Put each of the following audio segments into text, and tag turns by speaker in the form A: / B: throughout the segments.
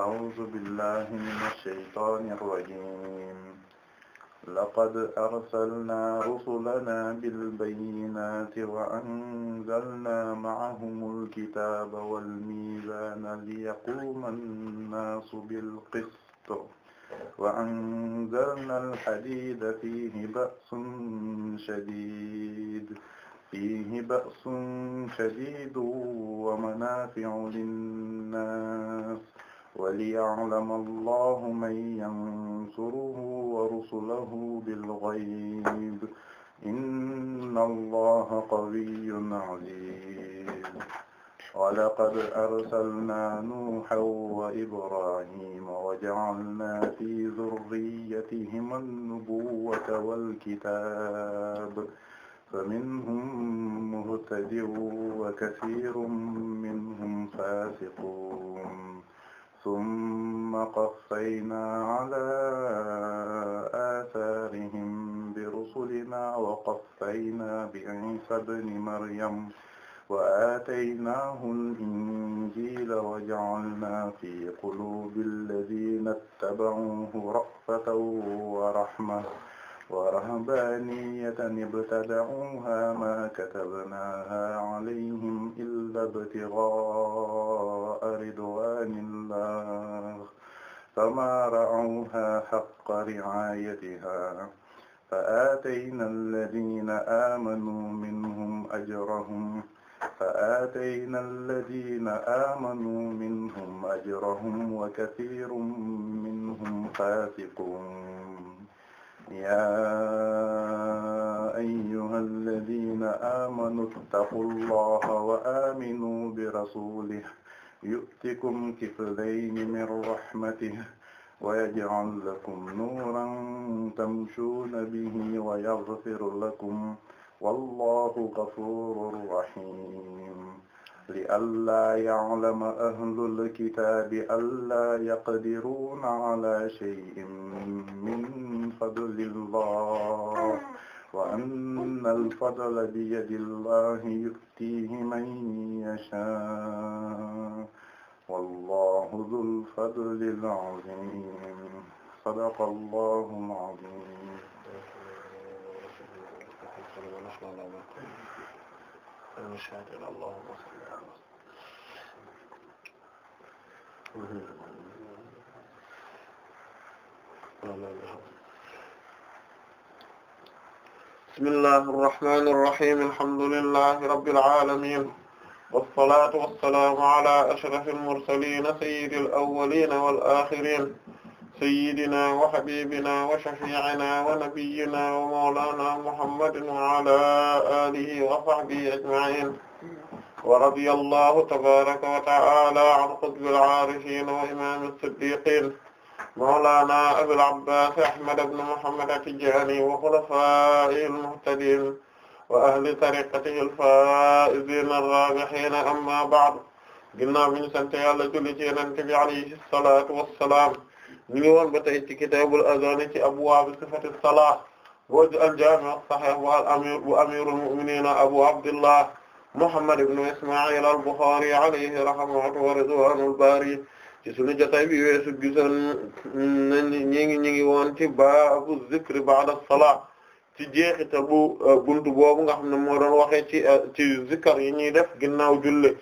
A: أعوذ بالله من الشيطان الرجيم لقد أرسلنا رسلنا بالبينات وأنزلنا معهم الكتاب والميزان ليقوم الناس بالقسط وأنزلنا الحديد فيه بأس شديد فيه بأس شديد ومنافع للناس وليعلم الله من ينصره ورسله بالغيب إن الله قوي عزيز ولقد أرسلنا نوحا وإبراهيم وجعلنا في ذريتهما النبوة والكتاب فمنهم مهتد وكثير منهم فاسقون ثم قفينا على آثارهم برسلنا وقفينا بعيسى ابن مريم وآتيناه الإنجيل وجعلنا في قلوب الذين اتبعوه رأفة ورحمة ورهبانية ابتدعوها ما كتبناها عليهم إلا ابتغاء رضوان الله فما رعوها حق رعايتها فآتينا الذين آمنوا منهم أجرهم فآتينا الذين آمنوا منهم أجرهم وكثير منهم فاسقون يا أيها الذين آمنوا اتقوا الله وآمنوا برسوله يؤتكم كفلين من رحمته ويجعل لكم نورا تمشون به ويغفر لكم والله غفور رحيم li allaa ya'lama ahlul kitaabi allaa yaqdiruuna alaa shay'in min fadlillaah wa annal fadla biyadillaahi yu'tiihi man yashaa' wallaahu zul fadlil aziim sadaqallaahul aziim amin shaakir allahumma salli
B: ala bismillahi irrahmani irrahim alhamdulillahi rabbil alamin wassalatu wassalaamu ala ashrafil mursalin sayyidil awwalin wal akhirin sayyidina wa habibina wa shafi'ina wa nabiyyina wa mawlana muhammadin wa ala alihi wa sahbihi ajma'in wa radiyallahu tabaraka wa ta'ala an qutbil aarifin wa imam as-siddiqin mawlana abil abbas ahmad ibn muhammad at-tijani wa khulafa'ihi al-muhtadin wa ahli tariqatihi al-fa'izin ar-rabihin amma ba'd ginnaaw bi ñu sant Yàlla julli ci Yonent bi alayhi salatu wassalam ñu ngi ba tey ci kitaabul azaan ci abwaabu sifati salaat wa al-jaami' as-sahiih wa al-amiir wa amiirul mu'miniin abu abdillah muhammad ibn isma'il al-Bukhari alayhi rahmatu wa ridwaanul baari ci sunu jotaay bi weesu gisoon nañu ñi ngi ñi ngi woon ci baabu zikri ba'da as-salaat ci jeexital bu euh, buntu boobu nga xam ne moo doon waxee ci euh, ci zikkar yi ñuy def ginnaaw julli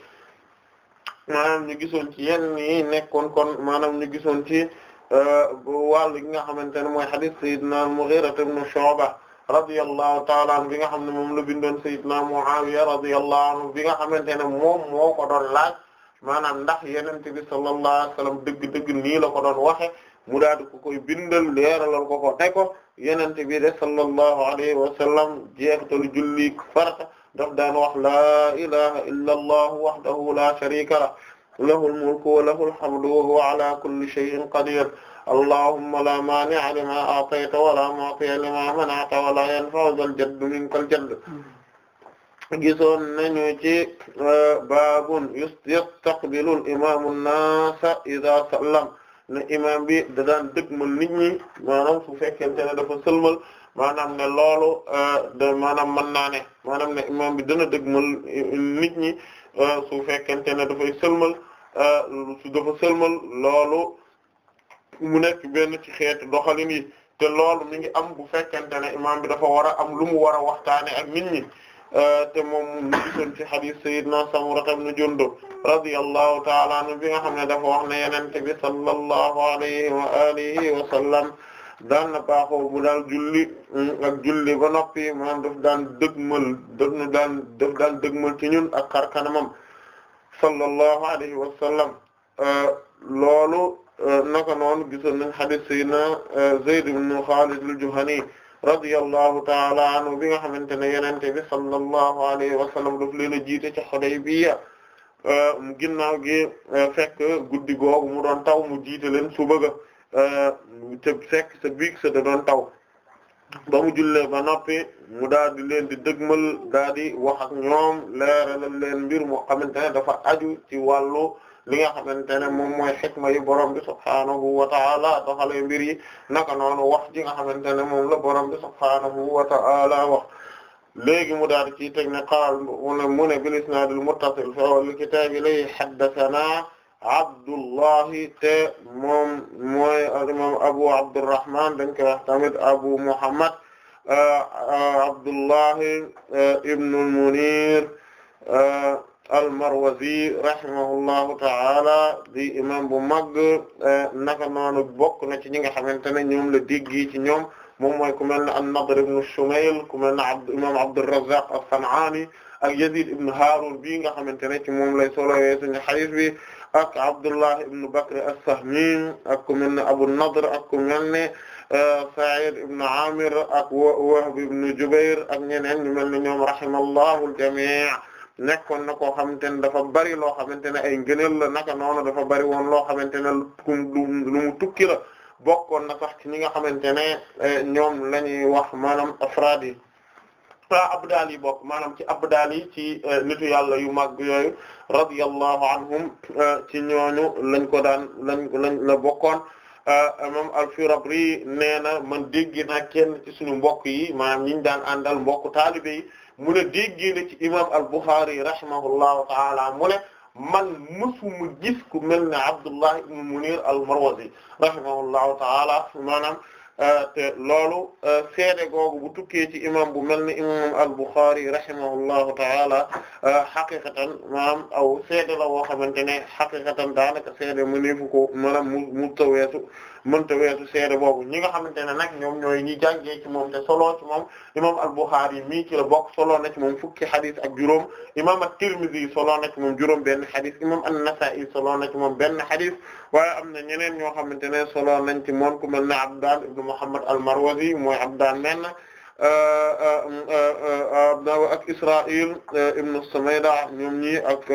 B: maanaam ñu gisoon ci yenn nekkoon kon maanaam ñu gisoon ci. Euh, wàll gi nga xamante ne mooy hadith sayyidina al-Mughira ibn Shu'ba radiyallahu ta'ala anhu bi nga xam ne moom la bindoon sayyidina Muawiya radiyallahu anhu bi nga xamante ne moom moo ko doon laaj maanaam ndax yonent bi sallallahu alayhi wasallam dëgg-dëgg nii la ko doon waxe mu daal di ko koy bindal leeralal ko ko tey ko yonent bi de sallallahu alayhi wasallam jeextalu julli farata daf daan wax laa ilaha illa allah wahdahu la sharika lahu lahul mulku wa lahul hamdu wa huwa ala kulli shay'in qadir allahumma la mani'a lima a'tayta wa la mu'tiya lima mana'ta wa la yanfa'u dhal jaddi minkal jadd gisoon nañu ci euh, baabun yastaqbilul imaamu naasa idaa sallam ne imaam bi da daan dëgmal nit ñi maanaam su fekkente ne dafa sëlmal maanaam ne loolu euh, de maanaam mën naa ne maanaam ne imaam bi dana dëgmal nit ñi euh, su fekkente ne dafay sëlmal Ah, dafa sëlmal loolu mu nekk benn ci xeetu doxalin yi te loolu mi ngi am bu fekkente ne imaam bi dafa war a am lu mu war a waxtaane ak mi ñi ah, te moom ñu gisoon ci hadith sayyidina Samura ibn Jundub radiyallahu ta'ala anhu bi nga xam ne dafa wax ne yonent bi sallallahu alayhi wa alihi wa na baaxoo bu daal julli mm, ak julli ba noppi maanaam def daan dëgmal daf daan daf daan dëgmal ci ñun ak xar kanamam sallallahu alayhi wa sallam euh, loolu euh, naka noonu gisoon nañ hadith sayyidina euh, Zayd ibn Khalid al-Juhani radiyallahu ta'ala anhu bi nga xamante ne yonent bi sallallahu alayhi wa sallam daf leen a jiite ci Hudaybiya ginnaaw gi fekk guddi googu mu doon taw mu jiite leen suba ga te fekk sa biig sa da doon taw. ba mu jullee ba noppi mu daal di leen di dëgmal daal di wax ak ñoom leeralal leen mbir moo xamante ne dafa aju ci wàllu li nga xamante ne moom mooy xikma yi borom bi subhaanahu wa ta'ala doxalee mbir yi naka noonu wax ji nga xamante ne moom la borom bi subhaanahu wa ta'ala mu daal ci ciy teg ne qaal mu ne mu ne lu isnaadil muttasil fi awwal kitaabi lay haddathana Abdullahi te moom mooy al-imam Abu Abdurrahman dañ koy wax tamit Abu Muhammad ah, ah, Abdullahi eh, ibn al-Munir eh, al-Marwazi rahimahullahu ta'ala di imam bu mag eh, naka noonu bokk na ci ñi nga xamante ne ñoom la dégg ci ñoom moom mooy ku mel ne an-Nadr ibn Shumayl ku mel ne Abd imam Abdurrazzaq as-San'ani ak Yazid ibn Harun bii nga xamante ne ci moom lay solo suñu hadith bi. ak Abdullah ibn Bakr as-Sahmi ak ku mel ne Abu Nadr ak ku mel ne euh, Sa'id ak Wahb ibn Jubair ak ñeneen ñu mel ne ñoom rahimallahu al-jami' nekkoon na koo xamante ne dafa bari loo xamante ne ay ngëneel la naka noonu dafa bari woon loo xamante ne lu mu tukki la bokkoon na sax ci ñi nga xamante ne euh, ñoom la ñuy wax maanaam afraad yi abdaal yi bokk maanaam ci abdaal ci euh, nitu yàlla yu mag yooyu radiyallahu anhum euh, ci ñooñu lañ ko daan lañ lañ la bokkoon imam euh, al-Firabri nee na man dégg naa kenn ci suñu mbokk yi maanaam ñi ñu daan àndal mbokk taalibe yi mu ne dégg na ci imam al-Bukhari rahimahullahu ta'ala mu ne man mësuma gis ku mel ne Abdullah ibn Munir al-Marwazi rahimahullahu ta'ala maanaam Euh, te loolu euh, seede googu bu tukkee ci imam bu mel ni imam al-Bukhari rahimahullahu ta'ala xaqiqatan euh, maanaam aw seede la woo xamante ne xaqiqatan daanaka seede mu neefu ko maanaam mu mu taweesu mënta weesu seede boobu ñi nga xamante ne nag ñoom ñooy ñi jàngee ci moom te solo ci moom imam al-Bukhari mii ci la bokk solo na ci moom fukki xadis ak juróom imam at-Tirmidhi solo na ci moom juróom benn xadis imam an-Nasa'i solo na ci moom benn xadis waaye am na ñeneen ñoo xamante ne solo nañ ci moom ku mel ne Abdaan ibn Muhammad al-Marwazi mooy Abdaan men abdaaw euh, euh, euh, ak Israa'il ibn Sumayda ñoom ñi ak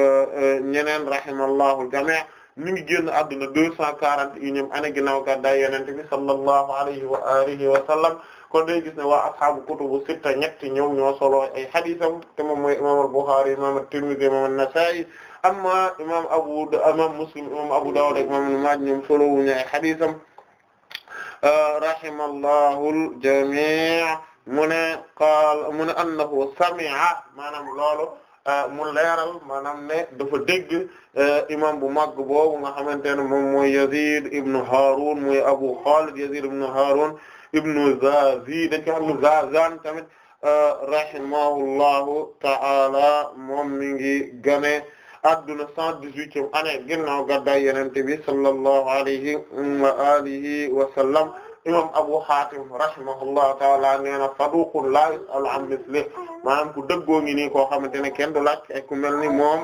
B: ñeneen rahimallahu jami' mi ngi génn àdduna deux cent quarante et unième année ginnaaw gàddaay yonent bi sallallahu alayhi wa alihi wa sallam kon day gis ne waa ashaabu kutubu sitta ñetti ñoom ñoo solo ay hadisam te moom mooy imam al-Bukhari imam at-Tirmidhi imam an-Nasa'i amma imam Abu imam Muslim imam Abu Dawud ñoom solo wuñu ay hadisam euh, rahimallahu al-jami' mu ne qaala mu ne annahu sami'a maanaam loolu Ah, mu leeral maanaam ne dafa dégg eh, imam bu mag boobu nga xamante ne moom mooy Yazid ibn Harun mooy Abu Khalid Yazid ibn Harun ibn Zazi dañ ko xam ne Zazan tamit eh, rahimahullahu ta'ala moom mi ngi gane adduna cent dix-huitième année ginnaaw gàddaay Yonent bi sallallahu alayhi wa alihi wa sallam imam Abu Hatim rahimahullahu taala nee na saduqun la yusalu an mislihi maanaam ku dëggoo ngi nii koo xamante ne kenn du laaj ku mel ni moom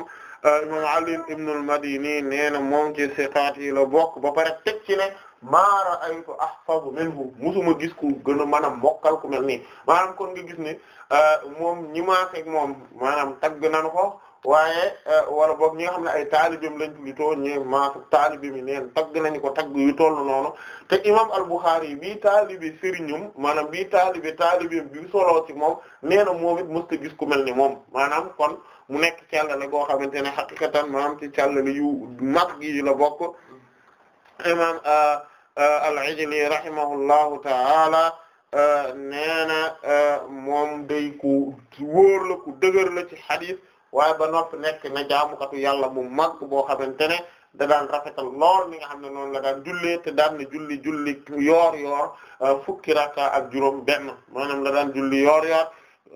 B: euh, imam Ali ibn al-Madini na moom ci siqaat yi la bokk ba pare teg ci ne ma ra'aytu ahfazu minhu musuma gis ku gën a mën a mokkal ku mel nii maanaam kon nga gis ne euh, moom ñi maase ak moom maanaam tagg nañu ko waaye eh, wala boog ñi nga xam ne ay taalibim lañ tudditoo ñi maa taalibi mi neen tagg nañ ko tagg yu toll noonu te imam al-Bukhari bii taalibi sëriñum maanaam bii taalibi taalibim bi soloo ci moom nee na moom it mësta gis ku mel ni moom maanaam kon mu nekk càllale goo xamante ne xaqiqatan maanaam ci càllale yu mag yi la bokk imam eh, eh, al-Ijli rahimahullahu taala nee na moom day ku wóor la ku dëgër la ci hadith waaye ba noppi nekk na jaamukatu yàlla mu mag boo xamante ne da rafeta rafetal lool mi nga xam ne noonu la daan jullee te daan na julli julli yoor yoor euh, fukki rakka ak juróom benn maanaam la daan julli yoor yoor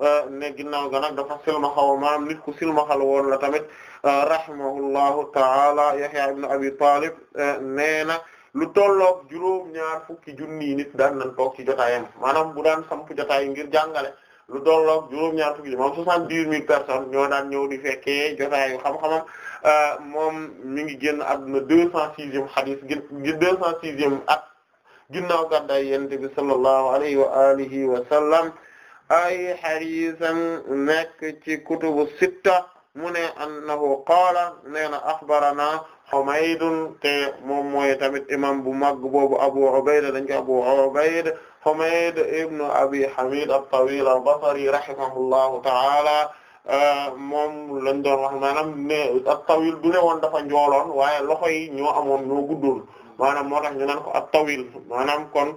B: euh, ne ginnaaw ga nag dafa silmaxaw maanaam nit ku silmaxal woon la tamit euh, rahimahullahu taala Yahya ibn Abi Talib nee na lu tolloog juróom ñaar fukki junni nit daan nañ toog ci jotaayam maanaam bu daan samp jotaay ngir jàngale lu dolloog juróom-ñaar fukki moom soixante-dix mille personnes ñoo daan ñëw di fekkee jotaayu xam-xamam euh, moom mi ngi génn àdduna deux cent sixième xadis gi deux cent sixième at ginnaaw gàddaay yonent bi sallallahu alayhi wa alihi wa sallam ay xadisam nekk ci kutubu sitta mu ne annahu qaala nee na axbarana Humaydun te moom mooy tamit imam bu mag boobu Abu Ubayda dañ ko Abu Ubayda Humayd ibn Abi Hamid at-Tawil al-Basri rahimahullahu ta'ala moom lañ doon wax maanaam ne at-Tawil du ne woon dafa njooloon waaye loxo yi ñoo amoon ñoo guddul maanaam moo tax ñu naan ko at-Tawil maanaam kon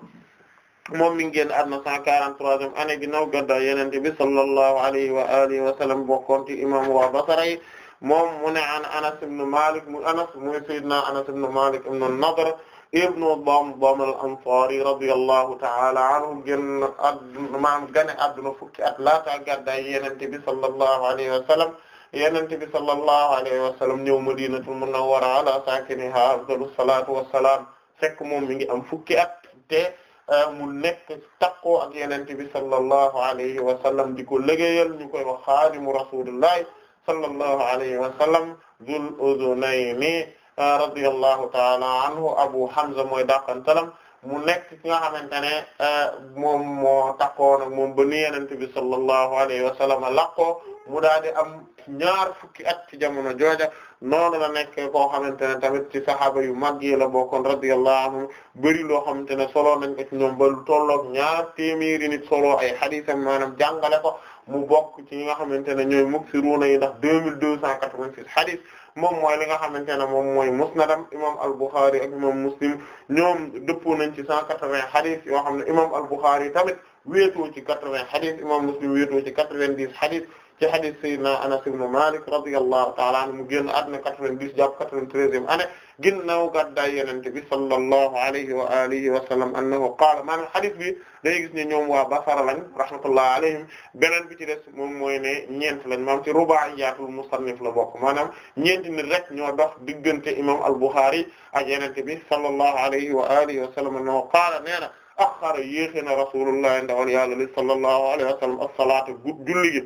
B: moom mi ngi génn àdduna 143e année ginnaaw gàddaay Yonent bi sallallahu alayhi wa alihi wa sallam bokkoon ci imaamu waa Basra yi moom mu ne an Anas ibn Malik mu Anas muy sayyidina Anas ibn Malik ibn an-Nadr ibnu Damdam al-Ansari radiyallahu ta'ala anhu génn adduna maanaam gane adduna fukki at laata gàddaay Yonent bi sallallahu alayhi wa sallam Yonent bi sallallahu alayhi wa sallam ñëw Madinatul Munawwara ala saakiniha afdalu salaatu wa salaam fekk moom mi ngi am fukki at te eh, mu nekk takkoo ak Yonent bi sallallahu alayhi wa sallam di ko liggéeyal ñu koy wax xaadimu rasulillahi sallallahu alayhi wa sallam Zul Uzunayni radiyallahu ta'ala anhu Abu Hamza mooy dàqantalam mu nekk ki nga xamante ne euh, moom moo takkoon ak moom ba ni Yonent bi sallallahu alayhi wa sallam laqoo mu daal di am ñaar fukki at ci jamono jooja noonu la nekk koo xamante ne tamit ci saxaaba yu mag yi la bokkoon radiyallahu anhum bëri loo xamante ne solo nañ ko ci ñoom ba lu tollook ñaar téeméeri nit solo ay xadiisam maanaam jàngale ko mu bokk ci ñi nga xamante ne ñooy muksiruuna yi ndax deux mille deux cent quatre-vingt-six moom mooy li nga xamante ne moom mooy musnadam imam al-Bukhari ak imam Muslim ñoom dëppoo nañ ci cent quatre-vingts hadith yoo xam ne imam al-Bukhari tamit wéetoo ci quatre-vingts hadith imam Muslim wéetoo ci quatre-vingt-dix hadith ci hadith Sayyidina Anas ibn Malik radiyallahu ta'ala anhu mu génn àdduna quatre-vingt-dix jàpp quatre-vingt-treizième année ginnaaw gàddaay yonent bi sallallahu alayhi wa alihi wa sallam annahu qaala maanaam hadith bi day gis ne ñoom waa Basra lañ rahmatullahi alayhim beneen bi ci des moom mooy ne ñeent lañ maanaam ci ruba'iyatul musannif la bokk maanaam ñeenti nit rek ñoo dox diggante imam al-Bukhari ak yonent bi sallallahu alayhi wa alihi wa sallam annahu qaala nee na axara yéexi na rasulullah ndawal yàlla li sallallahu alayhi wa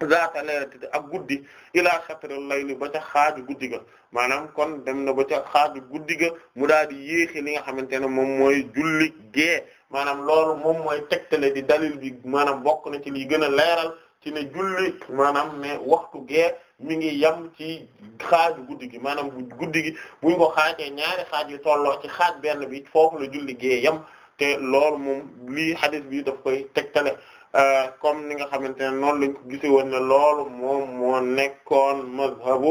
B: zaata leerati a guddi ilaa shatril layli ba ca xaaju guddi ga maanaam kon dem na ba ca xaaju guddi ga mu daal di yéexi li nga xamante ne moom mooy julli gee maanaam loolu moom mooy tegtale di dalil bi maanaam bokk na ci liy gën a leeral ci ne julli maanaam ne waxtu gee mi ngi yem ci xaaju guddi gi maanaam guddi gi buñ ko xaajee ñaari xaaj yu tolloo ci xaaj benn bi foofu la julli gee yem te loolu moom lii hadith bi daf koy tegtale Euh, comme ni nga xamante ne noonu lañ ko gise woon ne loolu moom moo nekkoon mazhabu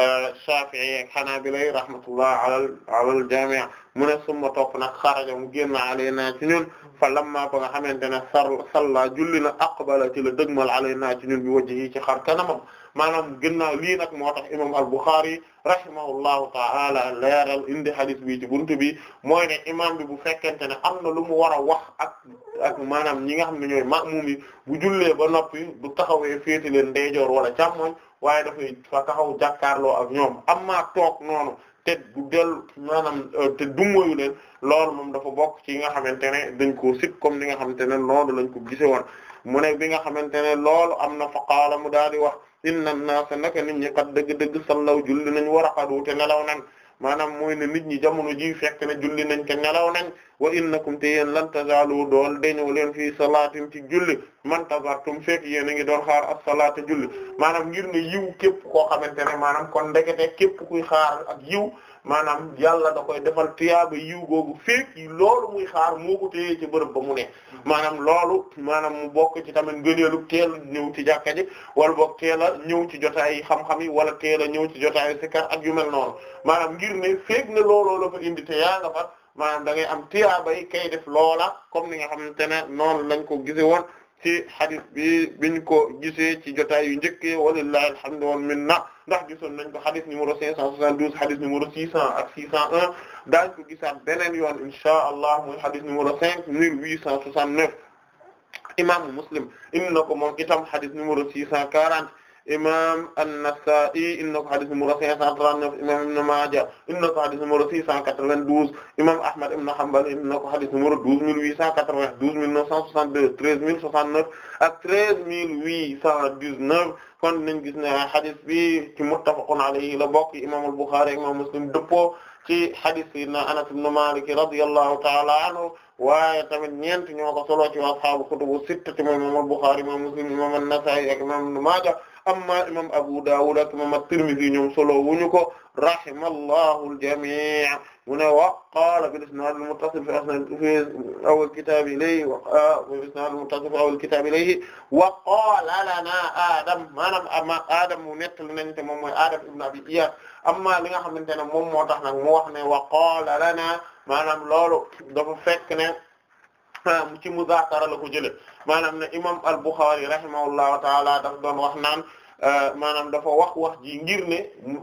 B: euh, Shafi'i ak Hanabila rahmatullah alal alal jami' mu ne summa topp nag xaraja mu génn alaynaa ci ñun fa lamma ba nga xamante ne sar salla julli na aqbala ci la dëgmal alaynaa ci ñun bi wajhi ci xar kanamam maanaam ginnaaw lii nag moo tax imam al-Bukhari rahimahullahu ta'ala leeral indi hadith bi ci buntu bi mooy ne imam bi bu fekkente ne am na lu mu war a wax ak ak maanaam ñi nga xam ne ñooy ma yi bu jullee ba noppi bu taxawee féete leen ndeyjoor wala càmmoñ waaye dafay fa taxaw jàkkaarloo ak ñoom amma toog noonu te du dellu maanaam euh, te dumoyu leen loolu moom dafa bokk ci nga xamante ne dañ koo sib comme ni nga xamante ne noonu lañ ko gise woon mu ne bi nga xamante ne loolu am na faqaala mu daal di wax inna an-naasa naka nit ñi qad dëgg-dëgg sallaw julli nañ war a xadu te ngelaw nañ maanaam mooy ne nit ñi jamono ji fekk ne julli nañ te nelaw nañ wa innakum te yéen lan tazaalu dool dañoo leen fii salaatin ci julli man tazartum fekk yéen a ngi doon xaar as-salaata julli maanaam ngir ne yiw képp koo xamante ne maanaam kon ndekete képp kuy xaar ak yiw maanaam yàlla da koy defal tuyaaba yiw googu féeg loolu muy xaar mu ko téye ci bërëb ba mu ne maanaam loolu maanaam mu bokk ci tamit ngëneelu teel ñëw ci jàkka ji wala boog teel a ñëw ci jotaay yi xam-xam yi wala teel a ñëw ci jotaay sikar ak yu mel noonu maanaam ngir ne féeg ne looloo la indi te yaa nga fa maanaam da ngay am tuyaaba yi kay def loola comme ni nga xam ne noonu lañ ko gise woon ci hadith bi biñ ko gisee ci jotaay yu njëkkee walillahi alhamdu wal minna ndax gisoon nañ ko hadith numéro 572 hadith numéro 600 ak 601 daañ ko gisaat beneen yoon inshaa allah mooy hadith numéro 5869 imaamu muslim indi na ko moom itam hadith numéro 640 imam an-Nasa'i inna ko hadith numéro 539 imam Ibn Maaja inna ko hadith numéro 692 imam Ahmad ibn Hanbal inna ko hadith numéro 12880 12962 13069 ak 13819 kon nañ gis ne hadith bi ci muttafaqun alayhi la bokk imam al-Bukhari imam Muslim dëppoo ci hadith sayyidina Anas ibn Malik radiyallahu ta'ala anhu waaye tamit ñeent ñoo ko solo ci ashaabu kutubu sittati mooy imam al-Bukhari imam Muslim imam an-Nasa'i ak imam Ibn Maaja amma imam Abu Dawud ak imam at-Tirmidhi ñoom solo wuñu ko rahimallahu al-jami' mu ne wa qaala bil-isnaad al-muttasil fi awwal kitaab ilayhi wa bil-isnaad al-muttasil fi awwal kitaab ilayhi wa qaala lanaa Adam maanaam Adam mu nettali nañ te moom mooy Adam ibn Abi Iyaas amma li nga xamante ne moom moo tax nag mu wax ne wa qaala lanaa maanaam loolu dafa fekk ne. ci muzaakara la ko jëlee maanaam ne imam al-Bukhari rahimahullahu taala daf doon wax naan euh, maanaam dafa wax wax ji ngir ne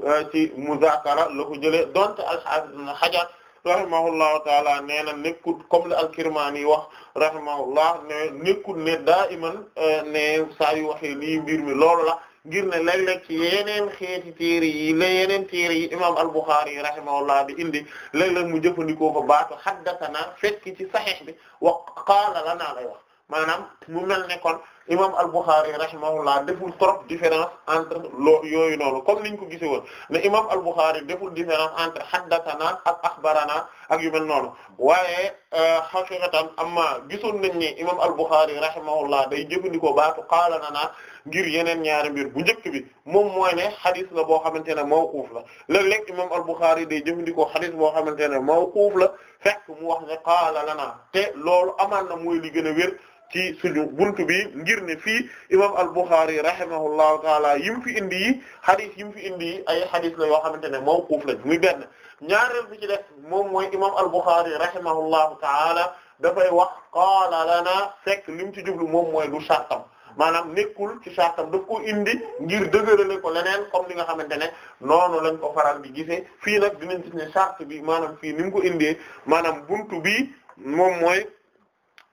B: euh, ci muzaakara la ko jëlee donte al-Hafiz ibn Hajar rahimahullahu taala nee na nekkul al-Kirmani wax rahimahullah ne nekkul ne daa euh, ne saa yu waxee mbir mi loolu ngir ne léeg-léeg ci yeneen xeeti téere yi la yeneen téere yi imam al-Bukhari y rahimahullah di indi léeg-léeg mu jëfandikoo fa baatu haddathana fekk ci saxiix bi wa qaala lanaa lay wax maanaam mu mel ne kon imam al-Bukhari rahimahullah deful trop différence entre loo yooyu noonu comme niñ ko gisee woon ne imam al-Bukhari deful différence entre haddathana ak akhbarana ak yu mel noonu waaye euh, haqiqatan amma gisoon nañ ni imam al-Bukhari rahimahullah day jëfandikoo baatu qaala lana ngir yeneen ñaari mbir bu njëkk bi moom mooy ne xadis la boo xamante ne mawquuf la léeg-léeg imam al-Bukhari day jëfandikoo xadis boo xamante ne mawquuf la fekk mu wax ne qaala lana te loolu amaan na mooy li gën a wér ci suñu buntu bi ngir ne fii imam al-Bukhari rahimahullahu taala yim fi indi yi hadith yim fi indi yi ay hadith la yoo xamante ne mawquf lañ mu benn ñaareel bi ci def moom mooy imam al-Bukhari rahimahullahu taala dafay wax qaala lana fekk li mu ci jublu moom mooy du sartam maanaam nekkul ci sartam daf ko indi ngir dëgërale ko leneen comme li nga xamante ne noonu lañ ko faral di gisee fii nag dinañ gis ne sart bi maanaam fii ni mu ko indee maanaam buntu bi moom mooy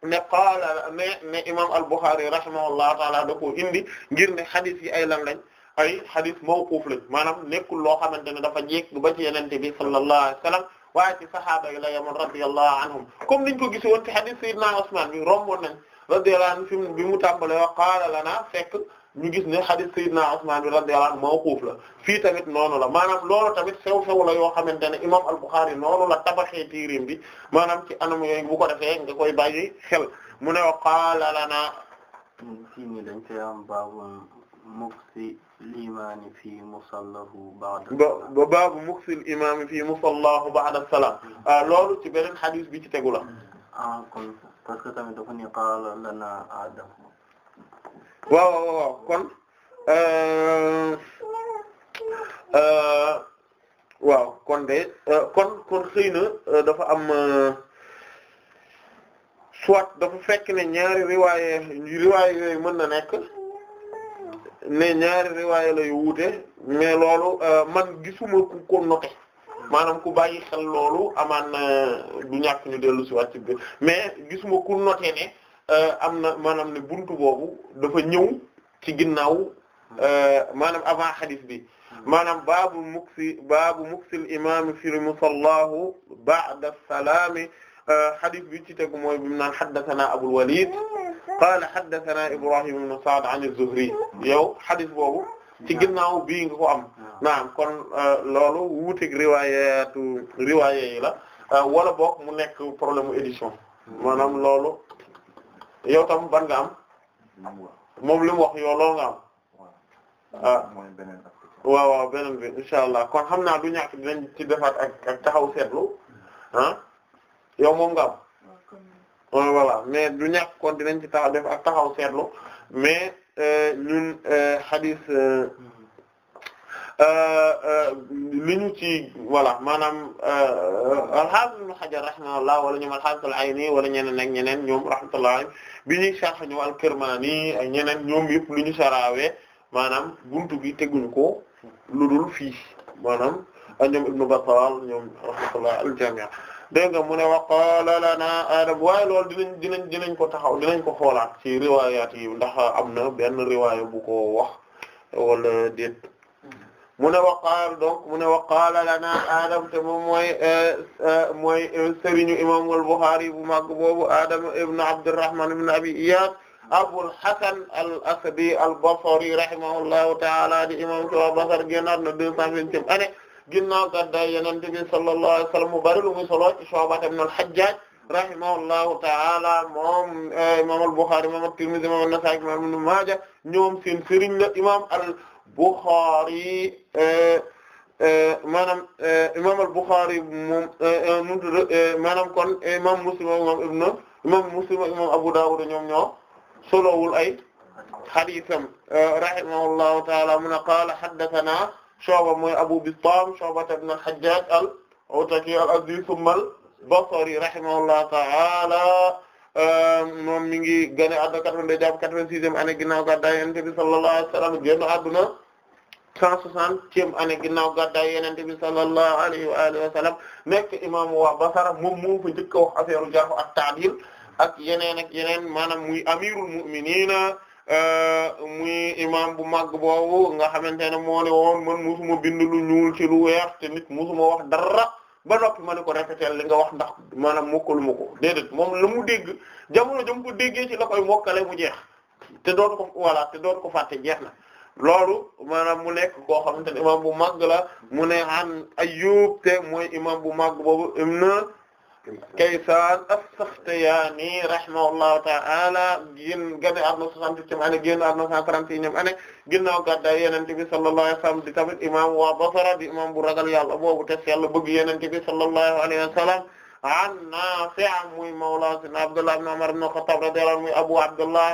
B: ne qaala ne ne imam al-Bukhari rahimahullahu taala da koo indi ngir ne xadis yi ay lan lañ ay xadis mawquuf lañ maanaam nekkul loo xamante ne dafa jeeg ba ci yenente bi sallallahu alayhi wasallam waaye ci sahaaba yi la yemoon radiyallahu anhum comme niñ ko gisoon ci xadis sayyidina Usman bi romboon nañ radiyallahu anhu fi bi mu tàmbalee wax qaala lana fekk ñu gis ne hadith sayyidina Usman bi radiyallahu anhu mawquf la fii tamit noonu la maanaam loolu tamit sew-sew la yoo xamante ne imam al-Bukhari noonu la tabaxee tiirim bi maanaam ci anam yooyu bu ko defee nga koy bàyyi xel mu ne wa qaala lanaa
A: hmm, fii ñi dañ ci am baabu
B: muksi limaani fii musallahu ba'da baabu muksi limaami fii musallahu ba'da salaam hmm. ah, loolu ci beneen hadith bi ci tegu la hmm. ah kon parce que tamit dafa ni qaala waaw waaw waaw kon euh, euh, waaw kon de euh, kon kon xëy na dafa am soit dafa fekk ne ñaari riwaaye riwaaye yooyu mën na nekk ne ñaari riwaaye la yu wuute mais loolu man gisuma ku ko noté maanaam ku bàyyi xel loolu amaan du ñàkk ñu dellu si wàcc bi mais gisuma ku noté ne Euh, am na maanaam ne buntu boobu dafa ñëw ci ginnaaw euh, maanaam avant hadith bi hmm. maanaam baabu muksi baabu muksil imaam fi musallahu ba'da salaami hadith euh, bi ci tegu mooy bi mu naan haddathana Abul Walid qaala haddathana Ibrahim ibn Sa'd an az-Zuhri yow hadith boobu ci hmm. ginnaaw bii nga ko am hmm. naam kon loolu wuuteeg riwaayaatu riwaaya yi la wala boog mu nekk problème mu édition maanaam loolu. yow tam ban nga moom li mu wax yow loolu nga am ah waaw waaw beneen bi insha allah kon xam naa du ñàkk dinañ ci defaat ak taxaw seetlu ah. yow moom nga am ah, voilà mais du ñàkk kon dinañ ci taxaw def ak taxaw seetlu mais euh, ñun euh, hadith euh, hmm. Euh, euh, li ñu ci voilà maanaam euh, al-Hafiz Ibn Hajar rahimahullah wala ñoom al-Hafiz al-Ayni wala ñeneen ñeneen ñoom rahmatullah bi ñuy sarh ñoom al-Kirmani ak ñeneen ñoom lu ñu sarawee maanaam buntu bi teguñu ko lu dul fii maanaam ak ñoom Ibn Battal ñoom rahmatullah al-jami' nga mu ne wa qaala lanaa Adam waaye loolu dinañ dinañ dinañ ko taxaw nañ ko xoolaat ci riwaayaat yi ndax am na benn riwaaya bu ko wax wala déet. mu ne waqaal donc mu ne waqaala lana Adam te moom mooy euh, euh, mooy euh, sëriñu imam al-Bukhari bu mag boobu Adam ibn Abdurrahman ibn Abi Iyas Abul Hasan al-Asadi al-Basri rahimahullahu ta'ala di imam ci Basra génnaat na deux cent vingtième année ginnaaw gàddaay Yonent bi sallallahu alayhi wa sallam mu bari lu muy solo ci Shu'ba ibn al-Hajjaj rahimahullahu ta'ala moom imam al-Bukhari imam at-Tirmidhi imam an-Nasa'i imam Ibn Maaja ñoom seen sëriñ la imam al Bukhari e, e, maanaam e, imaam al-Bukhari moom moom maanaam kon imaam Muslim moom ibn imaam Muslim imaam Abu Dawud ñoom ñoo solowul ay hadiisam rahimahullahu ta'ala mun qaala haddathanaa Shu'ba mooy Abu Bistaam Shu'ba ibn al-Hajjaj al-Ataki al-Azdi thumma al-Basri rahimahullahu ta'ala Euh, moom mi ngi gane adduna quatre-vingt-deux jàpp quatre-vingt-sixième année ginnaaw gàddaay Yonent bi sallallahu alayhi wa sallam génn adduna cent soixantième année ginnaaw gàddaay Yonent bi sallallahu alayhi wa alihi wa sallam nekk imaamu waa Basra moom moo fa njëkk a wax affaire jarh ak ta'dil ak yeneen ak yeneen maanaam muy amirul mu'minina euh, muy imam bu mag boobu nga xamante ne moo ne woon musuma bind lu ñuul ci lu weex te nit musuma wax dara ba noppi ma ne ko répéter li nga wax ndax maanaam mokkalu ma ko déedéet moom lu mu dégg jamono jam ko déggee ci la koy mokkale mu jeex te doon ko voilà te doon ko fàtte jeex na loolu maanaam mu nekk koo xamante ne imaam bu màgg la mu ne an Ayyub te mooy imaam bu màgg boobu im na Kaysaan as-Saxtiyaani rahimahullahu ta'ala génn gàdde àdduna 68 année génn àdduna 131 année ginnaaw gàddaay Yonent bi sallallahu alayhi wa sallam di tamit imaam waa Basra di imaam bu ragal yàlla boobu te yàlla bëgg Yonent bi sallallahu alayhi wa sallam an Naafi' muy mawla Sayyidina Abdullah ibn Umar ibn Khattab radiyallahu anhu muy Abu Abdullah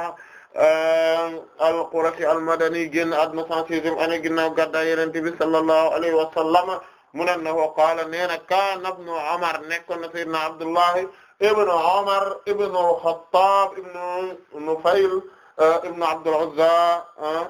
B: eh, al-Qurashi al-Madani génn àdduna 106 année ginnaaw gàddaay Yonent bi sallallahu alayhi wa sallam mu ne na wa qaala nee na kaana ibnu Umar nekkoon na sayyidina Abdullahi ibnu Umar ibnu al-Khattab ibnu Nufayl eh, ibnu Abdul Uzza eh,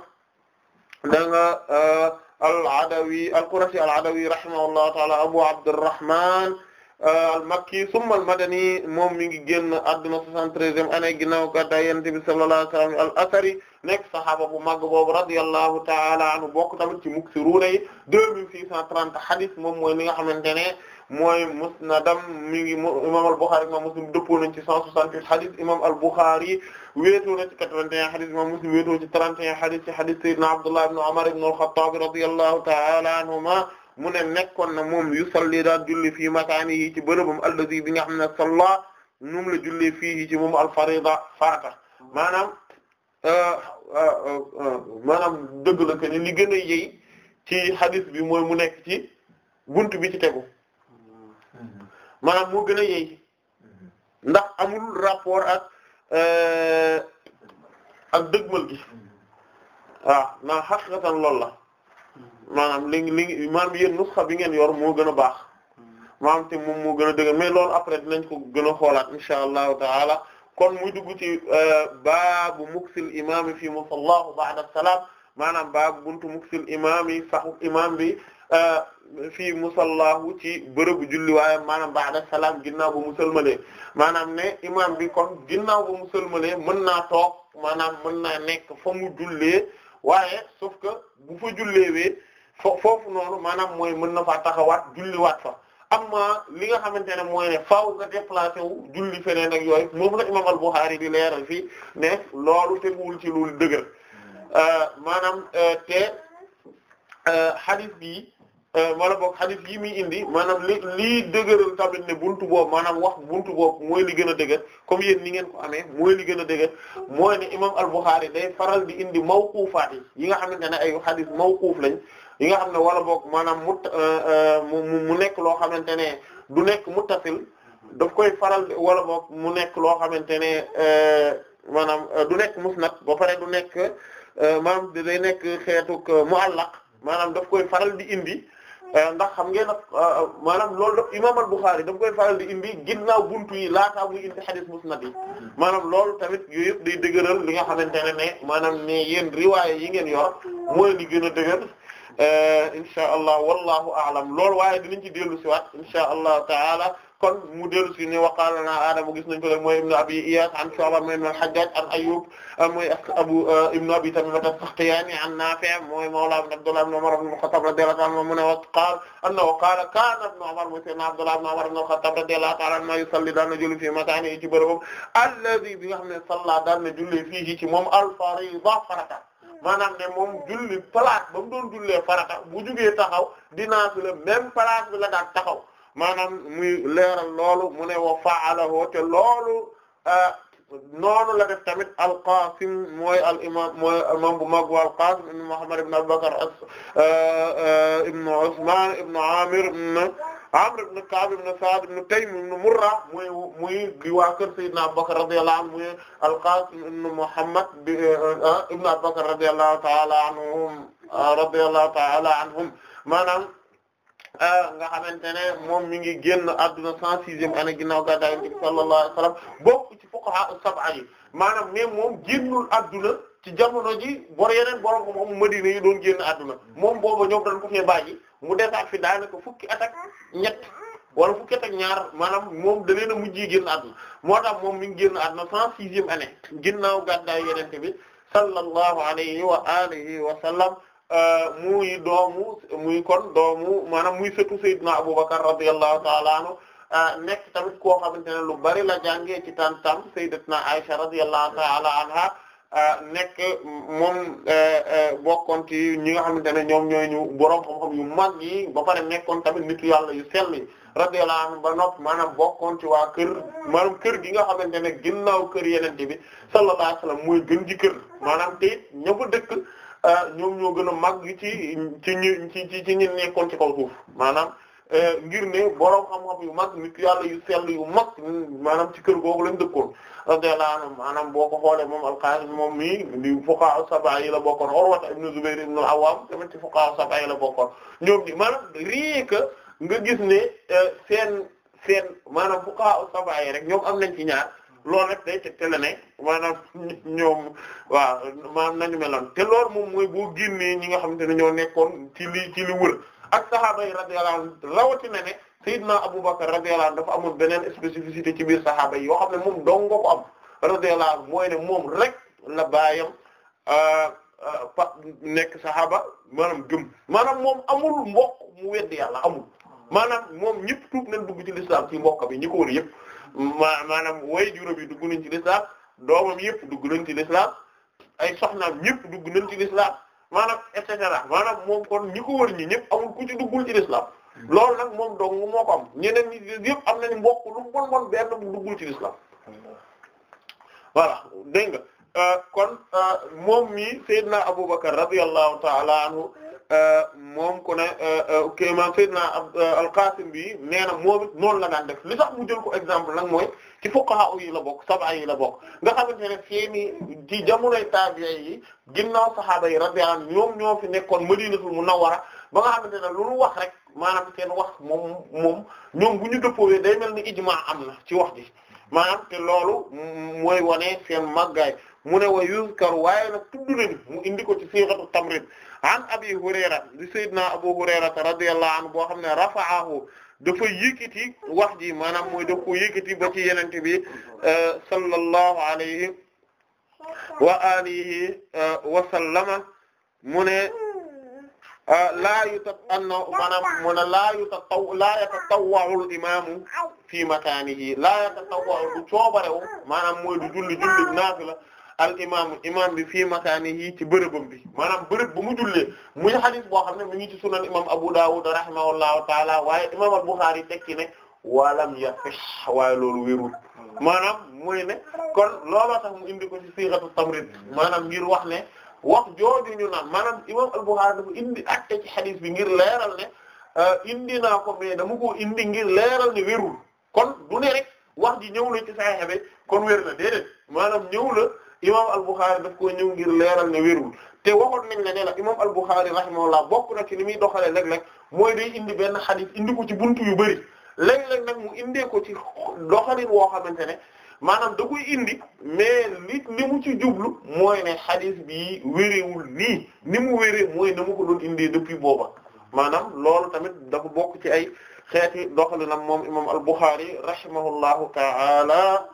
B: danga eh, al-Adawi al-Qurashi al-Adawi rahimahullahu ta'ala Abu Abdurrahman al-Makki summa al-Madani moom mi ngi génn àdduna 73e année ginnaaw gàddaay Yonent bi sallallahu alayhi wa sallam al-Athari nekk saxaaba bu mag boobu radiyallahu ta'ala anhu bokk tamit ci muksiruuna yi deux mille six cent trente hadis moom mooy li nga xamante ne mooy musnadam mi imam al-Bukhari Muslim dëppoo nañ ci cent soixante-huit hadis imam al-Bukhari wéetoo na ci quatre-vingt-un hadis imam Muslim wéetoo ci trente et un hadis ci hadis sayyidina Abdullah ibn Umar ibn al-Khattab radiyallahu ta'ala anhuma mu ne nekkoon na moom yu salli daal julli fii makaani yi ci bërëbam allazi bi nga xam ne salla ñoom la julli fii ci moom al-farida farata maanaam euh, Euh, euh, euh, maanaam dëgg la que ni li gën a yey ci hadith bi mooy mu nekk ci gunt bi ci tegu maanaam moo gën a yey ndax amul rapport ak ak mël gi waaw naa xaqiqatan loolu la maanaam li li maanaam yéen nusxa bi ngeen yor moo gën a baax maanaam te moom moo gën a dëgg mais loolu après dinañ ko gën a xoolaat insha allahu taala kon mu dugg ci euh, baabu muksil imaami fi musallahu ba'da salaam maanaam baabu buntu muksil imaami saxu imaam bi euh, fi musallahu ci bërëbu julliwaayam maanaam ba'da salaam ginnaaw ba mu sëlmalee maanaam ne imaam bi kon ginnaaw ba mu sëlmalee mën naa toog maanaam mën naa nekk fa mu jullee waaye sauf que bu fa jullee wee foofu noonu maanaam mooy mën na faa taxawaat julliwaat fa. amma li nga xamante ne mooy ne faaw nga déplacé wu julli feneen ak yooyu moom la imam al-Bukhari di leeral fii ne loolu teguwul ci lu dëgër euh, maanaam euh, te euh, hadith bi wala boog hadith yi muy indi maanaam li lii dëgëral tamit ne buntu boobu maanaam wax buntu boobu mooy li gën a dëgër comme yéen ni ngeen ko amee mooy li gën a dëgër mooy ne imam al-Bukhari day faral di indi mawquufaat yi yi nga xamante ne ay hadith mawquuf lañ yi nga xam ne wala boog maanaam euh, euh, mu mu mu nekk loo xamante ne du nekk muttasil daf koy faral wala boog mu nekk loo xamante ne euh, maanaam du nekk musnad ba pare du nekk maanaam day nekk xeetuk muallaq maanaam daf koy faral di indi ndax xam ngeen nag maanaam loolu daf imaam al-Bukhari daf koy faral di indi ginnaaw buntu yi laata muy indi xadis musnad yi maanaam lool tamit yooyu yëpp day dëgëral li nga xamante ne ne maanaam ne yéen riwaaya yi ngeen yor mooy li gën a dëgër Eh, insha allah wallahu a'lam loolu waaye dinañ ci dellu si waat insha allah taala kon mu dellu si ne waqaala na aadama gis nañ ko rek mooy ibnu abi iyas an shu'ba mooy ibnu al-hajjaj an ayyub eh, mooy abu eh, ibnu abi tamima as-sakhtiyani an nafi' mooy mawla ibn abdullah ibn umar ibn al-khattab radiyallahu ta'ala anhu mu ne wa qaala annahu qaala kaana ibnu umar mooy sayyidina abdullah ibn umar ibn al-khattab radiyallahu ta'ala anhu yusalli daan na julli fi makaani ci bërëbam alladhi bi nga xam ne salla daan na julli fii ci moom al-fariida farata maanaam ne moom julli place ba mu doon jullee farata bu jugee taxaw dinaa fi la même place bi la daan taxaw maanaam muy leeral loolu mu ne wa fa'alahu te loolu euh, noonu la def tamit al-Qasim mooy al imam mooy imam bu mag bu al-Qasim ibn Muhammad ibn Abu Bakr euh, ibn Usman ibn Amir ibn Amr ibn Ka'b ibn Sa'd ibn Taym ibn Murra muy muy di waa kër Sayyidina Abu Bakr radiyallahu anhu muy al-Qasim ibn Muhammad euh, euh, ibn Abu Bakr radiyallahu ta'ala anhum radiyallahu ta'ala anhum maanaam Euh, nga xamante ne moom mi ngi génn adduna cent sixième année ginnaaw gàddaay Yonent bi sallallahu alayhi wa bokk ci fuqaha as maanaam mais moom génnul adduna ci jamono ji bor yeneen borom ko moom Madina yi adduna moom booba ñoom dañ mu defaat fi daanaka fukki at ak ñett wala fukki at ñaar maanaam moom da leen a mujjee génn adduna moo tax moom mi ngi génn adduna cent sixième année ginnaaw gàddaay Yonent bi sallallahu alayhi wa alihi wa sallam Euh, muy doomu muy kon doomu maanaam muy sëtu Seydina Abubakar radiyallahu ta'ala anhu euh, nekk tamit koo xamante ne lu bari la jàngee ci tantam Sayyidatuna Aisha radiyallahu ta'ala anha euh, nekk moom bokkoon ci ñi nga xamante ne ñoom ñooy ñu borom xam yu mag yi ba pare nekkoon tamit nitu yàlla yu sell yi radiyallahu ba nopp maanaam bokkoon ci waa kër maanaam kër gi nga xamante ne ginnaaw kër yenente bi sallallahu alayhi wasallam gën ji kër maanaam te ña dëkk Euh, ñoom ñoo gën a màgg ci ci ñu ci ci ci ñi nekkoon ci kaw suuf maanaam euh, ngir ne boroom xam-xam yu mag nit yàlla yu sell yu mag maanaam ci kër googu lañ dëkkoon radiyallahu anhu maanaam boo ko xoolee moom al-Qasim moom mii di fuqaha sab'a yi la bokkoon Urwa ibn Zubayr ibn al-Awwam tamit ci fuqaha sab'a yi la bokkoon ñoom ñi maanaam rien que nga gis ne euh, seen seen maanaam fuqaha sab'a yi rek ñoom am nañ ci ñaar loolu nag day tegtale ne maanaam ñoom waaw maanaam nañu meloon te loolu moom mooy boo génnee ñi nga xamante ne ñoo nekkoon ci li ci li wër ak sahaaba yi radiyallahu anhu rawatina ne Seydina Abubakar radiyallahu anhu dafa amoon beneen spécificité ci biir sahaaba yoo xam ne moom dong nga ko am mooy ne moom rek la baayam euh, euh, pa nekk sahaaba maanaam gëm maanaam moom amul mbokk mu weddi yàlla amul maanaam moom ñëpp tuub nañ dugg ci l'islam ci mbokk bi ñi ko wër yëpp maanaam way juróom dugg nañ ci lislaam doomam yëpp dugg nañ ci lislaam ay soxnaam ñëpp dugg nañ ci lislaam maanaam et cetera maanaam moom kon ñi ko wër ñi ñëpp amul ku ci duggul ci lislaam hmm. loolu nag moom dong moo ko am ñeneen ñi yëpp am nañu mbokk lu bon bon benn bu duggul ci lislaam voilà dégg nga euh, kon euh, moom mi Seydina Abubakar radiyallahu ta'ala anhu Euh, moom ku ne euh, euh, kéemaan Seydina al-Qasim bi nee na moom it noonu la daan def li tax mu jël ko exemple nag mooy ci fuqaha yi la bokk sab'a yi la bokk nga xamante ne seeni ci jamonoy tabi'i yi ginnaaw sahaaba yi radiyallahu anhum ñoom ñoo fi nekkoon Madinatul Munawwara ba nga xamante ne lu ñu wax rek maanaam seen wax moom moom ñoom bu ñu dëppoowee day mel ni ijmaa am na ci wax ji maanaam te loolu mooy wane seen màggaay mu ne wa yuzkaru waaye nag tudd nañu mu indi ko ci sighatu tamrid an abi hurayra di sayyidina abu hurayrata radiyallahu anhu boo xam ne rafa'ahu dafa yëkkati wax ji maanaam mooy daf ko yëkkati ba ci yenente bi euh, sallallahu alayhi wa alihi euh, wa sallama mu ne euh, laa yutat anna maanaam mu ne laa yutataw laa yatatawwa'u al-imaamu fi makaanihi laa yatatawwa'u du coobarewu maanaam mooy du julli julli naafila al imaamu imaam bi fii makaani yi ci bërëbam bi maanaam bërëb bu mu jullee muy xadis boo xam ne mu ngi ci sunan imaam Abu Dawud rahimahullahu taala waaye imaam al-Bukhari yi tekki ne walam yasih waaye loolu wérul maanaam muy ne kon looloo tax mu indi ko ci sighatu tamrid maanaam ngir wax ne wax jooju ñu naan maanaam imaam al-Bukhari dafa indi acte ci xadis bi ngir leeral ne euh, indi naa ko mais dama ko indi ngir leeral ne wérul kon du ne rek wax ji ñëw na ci kon wér maanaam ñëw imam al-Bukhari daf koo ñëw ngir leeral ne wérul te waxoon nañ ne ne la imam al-Bukhari rahimahullah bokk na ci li muy doxalee léeg-léeg mooy day indi benn xadis indi ko ci buntu yu bëri léeg-léeg nag mu indee ko ci doxalin woo xamante ne maanaam da koy indi mais nit li mu ci jublu mooy ne xadis bi wérewul nii ni mu wéree mooy na mu ko doon indee depuis booba maanaam loolu tamit dafa bokk ci ay xeeti doxalinam moom imam al-Bukhari rahimahullahu ta'ala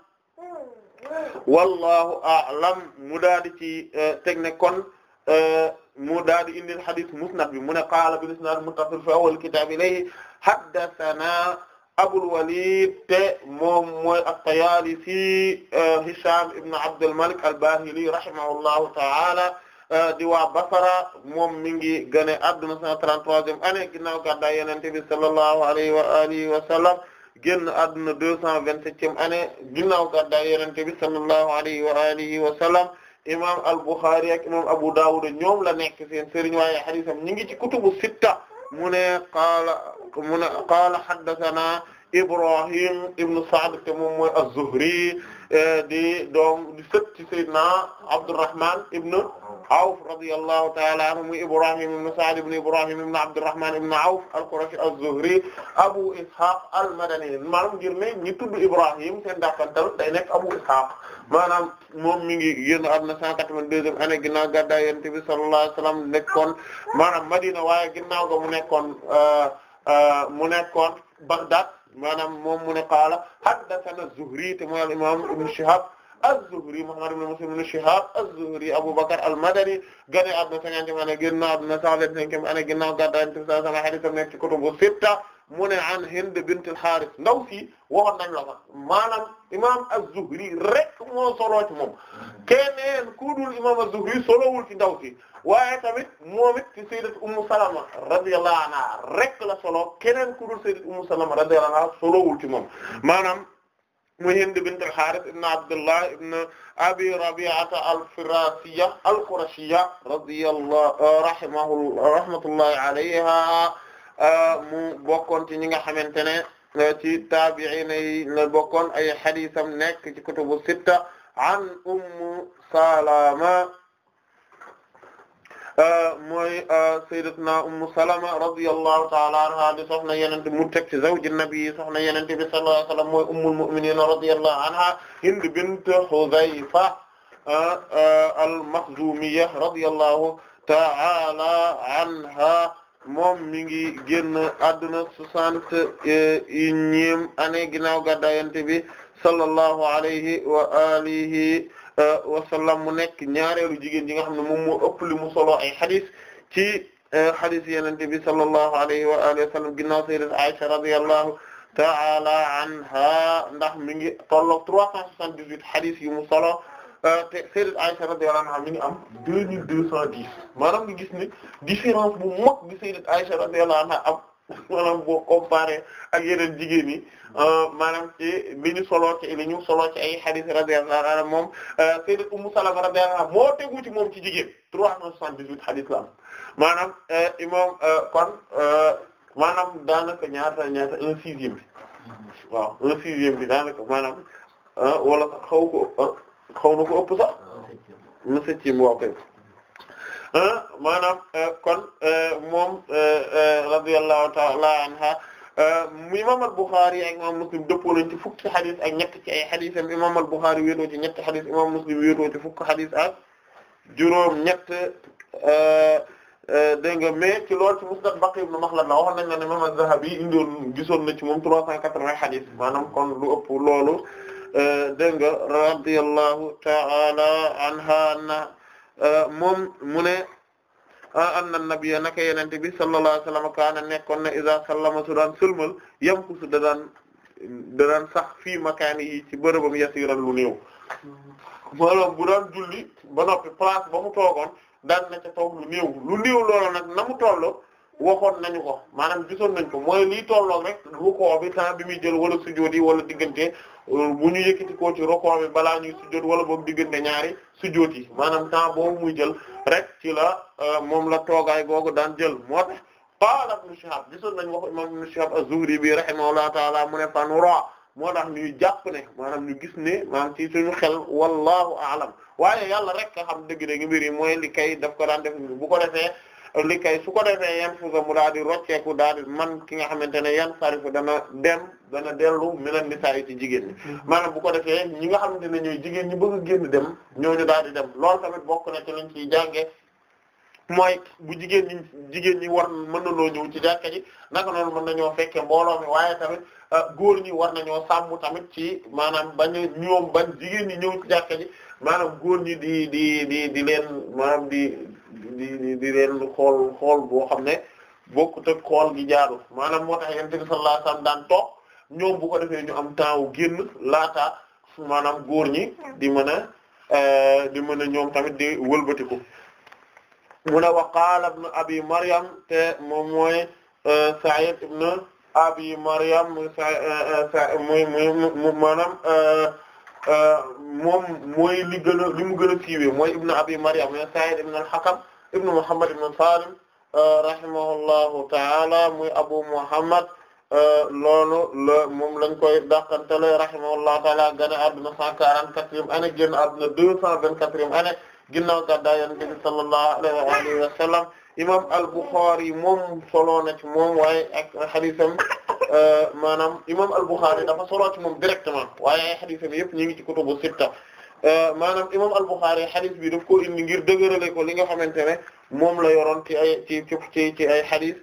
B: wallahu a'lam mu daal di ci eh, teg ne kon eh, mu daal di indil hadith musnad bi mu ne qaala bil isnad muttasil fi awwal kitab ilayhi haddathana abul walid te moom mooy at-Tayaalisi eh, Hisham ibn Abdul Malik al-Bahili rahimahullahu ta'ala di waa Basra moom mi ngi gane adduna 133e année ginnaaw gàddaay Yonent bi sallallahu alayhi wa alihi wa sallam génn àdduna deux cent vingt-septième année ginnaaw gàddaay yonent bi sallallahu alayhi wa alihi wa sallam imam al-Bukhari ak imam Abu Dawud ñoom la nekk seen sëriñ waaye hadiisam ñi ngi ci kutubu sitta mu ne qaala mu ne qaala haddathana Ibrahim ibn Sa'd te moom mooy az Eh, di doom di sët ci Seydina Abdurrahman ibn Awf radiyallahu ta'ala anhu muy Ibrahim ibn Sa'd ibn Ibrahim ibn Abdurrahman ibn Awf al-Qurashi az-Zuhri Abu Ishaq al-Madani maanaam ngir ne ñi tudd Ibrahim seen dàqantal day nekk Abu Ishaq maanaam moom mi ngi génn àdduna 182e année ginnaaw gàddaay Yonent bi sallallahu alayhi wa sallam nekkoon maanaam Madina waaye ginnaaw ga mu nekkoon eh, eh, mu nekkoon Baghdad maanaam moom mu ne qaala haddathana az-Zuhri te mooy al-imaam Ibn Shihab az-Zuhri Muhammad ibn Muslim ibn Shihab az-Zuhri Abu Bakr al-Madani gane àdduna 50 at ginnaaw àdduna 125 at ginnaaw gàddaay Yonent bi sallallahu alayhi wa sallam hadith nekk ci kutubu sitta mu ne an Hind bint al-Harith ndaw si waxoon nañ la ko maanaam imaam az-Zuhri rek moo solo ci moom keneen ku dul imaam az-Zuhri solowul ci ndaw si waaye tamit moom it ci sayyidat Ummu Salama radiyallahu anha rek la solo keneen ku dul sayyidat Ummu Salama radiyallahu anha solowul ci moom maanaam mu Hind bint al-Harith ibn Abdullah ibn Abi Rabi'ata al-Firasiyya al-Qurashiyya radiyallahu rahimahullah rahmatullahi alayha Euh, mu bokkoon ci ñi nga xamante ne euh, ci taabi'iin yi la bokkoon ay xadiisam nekk ci kutubu sitta an ummu salama euh, mooy sayyidatuna ummu salama radiyallahu ta'ala anha di soxna yenente mu teg ci zawji nabi soxna yenente bi sallallahu alayhi wasallam mooy ummul mu'minin radiyallahu anha hind bint hudhayfa al-makhzumiyya radiyallahu ta'ala anha moom mi ngi génn adduna soixante et unième année ginnaaw gàddaay Yonent bi sallallahu alayhi wa alihi e, wa sallam mu nekk ñaareelu jigéen ji nga xam ne moom moo ëpp li mu solo ay xadis ci e, xadis Yonent bi sallallahu alayhi wa alihi wa sallam ginnaaw sayyidat Aisha radiyallahu ta'ala anha ndax mi ngi tolloog trois cent soixante-dix-huit xadis yu mu solo Euh, te Sayyidat Aisha radiyallahu mi ngi am deux mille deux cent dix maanaam nga gis ne différence bu mag bi Sayyidat Aisha radiyallahu anha am maanaam boo comparé ak yeneen jigéen yi euh, maanaam ci li ñu soloo ci li ñu soloo ci ay hadith radiyallahu moom euh, Sayyidat Ummu Salama radiyallahu moo tegu ci moom ci jigéen trois cent soixante-dix-huit la am maanaam imam kon maanaam daanaka ñaata ñaata un sixième bi waaw un sixième bi daanaka maanaam wala xaw ko xaw na ko ëpp sax na septième waaw kay maanaam euh, kon euh, moom euh, radiyallahu ta'ala anha imam al-Bukhari ak imam Muslim dëppoo nañ ci fukki xadis ak ñett ci ay xadisam imam al-Bukhari wéetoo ci ñetti xadis imam Muslim wéetoo ci fukki xadis ak juróom ñett dégg nga mais ci loolu ci Musnad Baqi ibn Makhlad la waxoon nañ la ne imam az-Zahabi indiwoon gisoon na ci moom trois cent quatre-vingts xadis maanaam kon lu ëpp loolu dégg nga radiyallahu ta'ala anha na moom mu ne anna nabiyya naka yenente bi sallallahu alayhi wasallam kaana nekkoon na iza sallama su daan yam ku su da daan da sax fii makaani yi ci bërëbam yasiran lu néew maanaam bu daan julli ba noppi place ba mu toogoon daan na ca toog lu néew lu néew loolu nag na mu tollo waxoon nañu ko maanaam gisoon nañ ko mooy lii tolloog rek rukoo bi temps bi muy jël wala sujjóot wala diggante bu ñu yëkkati ko ci roko bi balaa ñuy sujjóot wala boog diggante ñaari sujjóot yi maanaam temps boobu muy jël rek ci la euh, moom la toogaay googu daan jël moo tax qaala Ibn Shihab gisoon nañ waxu imam Ibn Shihab az-Zuhri bi rahimahullahu ta'ala mu ne fanura moo tax ñuy jàpp ne maanaam ñu gis ne maanaam ci suñu xel wallahu a'lam waaye yàlla rek nga xam dëgg-dëgg mbir yi mooy li kay daf ko daan def bu ko defee li kay su ko defee yan fusa mu daal di rocceeku daal di man ki nga xamante ne yan sarifu dana dem dana dellu milan nisaa yi ci jigéen ñi mm-hmm. maanaam bu ko defee ñi nga xamante ne ñooy jigéen ñi bëgg a génn dem ñooñu daal di dem loolu bokk na ci lañ ciy jànge mooy bu jigéen ñi jigéen ñi war mën na noo ci jàkka ji naka noonu mën nañoo fekkee mbooloo mi waaye tamit ah, góor ñi war nañoo sàmm tamit ci maanaam bañ a ñoom jigéen ñi ñëw ci jàkka maanaam góor ñi di di di di leen maanaam di di di leen xool xool boo xam ne bokkut ak xool gi jaadu maanaam moo tax yonent bi sallallahu alayhi daan toog ñoom bu ko defee ñu am temps laata maanaam góor ñi di mën a euh, di mën a ñoom tamit di wëlbatiku mu ne wa qaala ibn abi maryam te moom mooy euh, Sa'id ibn abi maryam euh, muy muy maanaam Euh, moom mooy li gën a li mu gën a siiwee mooy ibnu abi maryam mais sa'id ibn al-hakam ibnu muhammad ibn salim euh, rahimahullahu taala muy abu muhammad euh, loolu la moom lañ koy dàqantele rahimahullahu taala gane adduna cent quarante-quatrième année génn adduna deux cent vingt-quatrième année ginnaaw gàddaa yonent bi sallallahu alayhi wa alihi wa sallam imam al-Bukhari moom solo na ci moom waaye ak hadisam Euh, maanaam imam al-Bukhari dafa solo ci moom directement waaye xadis bi yëpp ñu ngi ci kutubu sitta euh, maanaam imam al-Bukhari xadis bi daf koo indi ngir dëgërale ko li nga xamante ne moom la yoroon ci ay ci ci ci ay xadis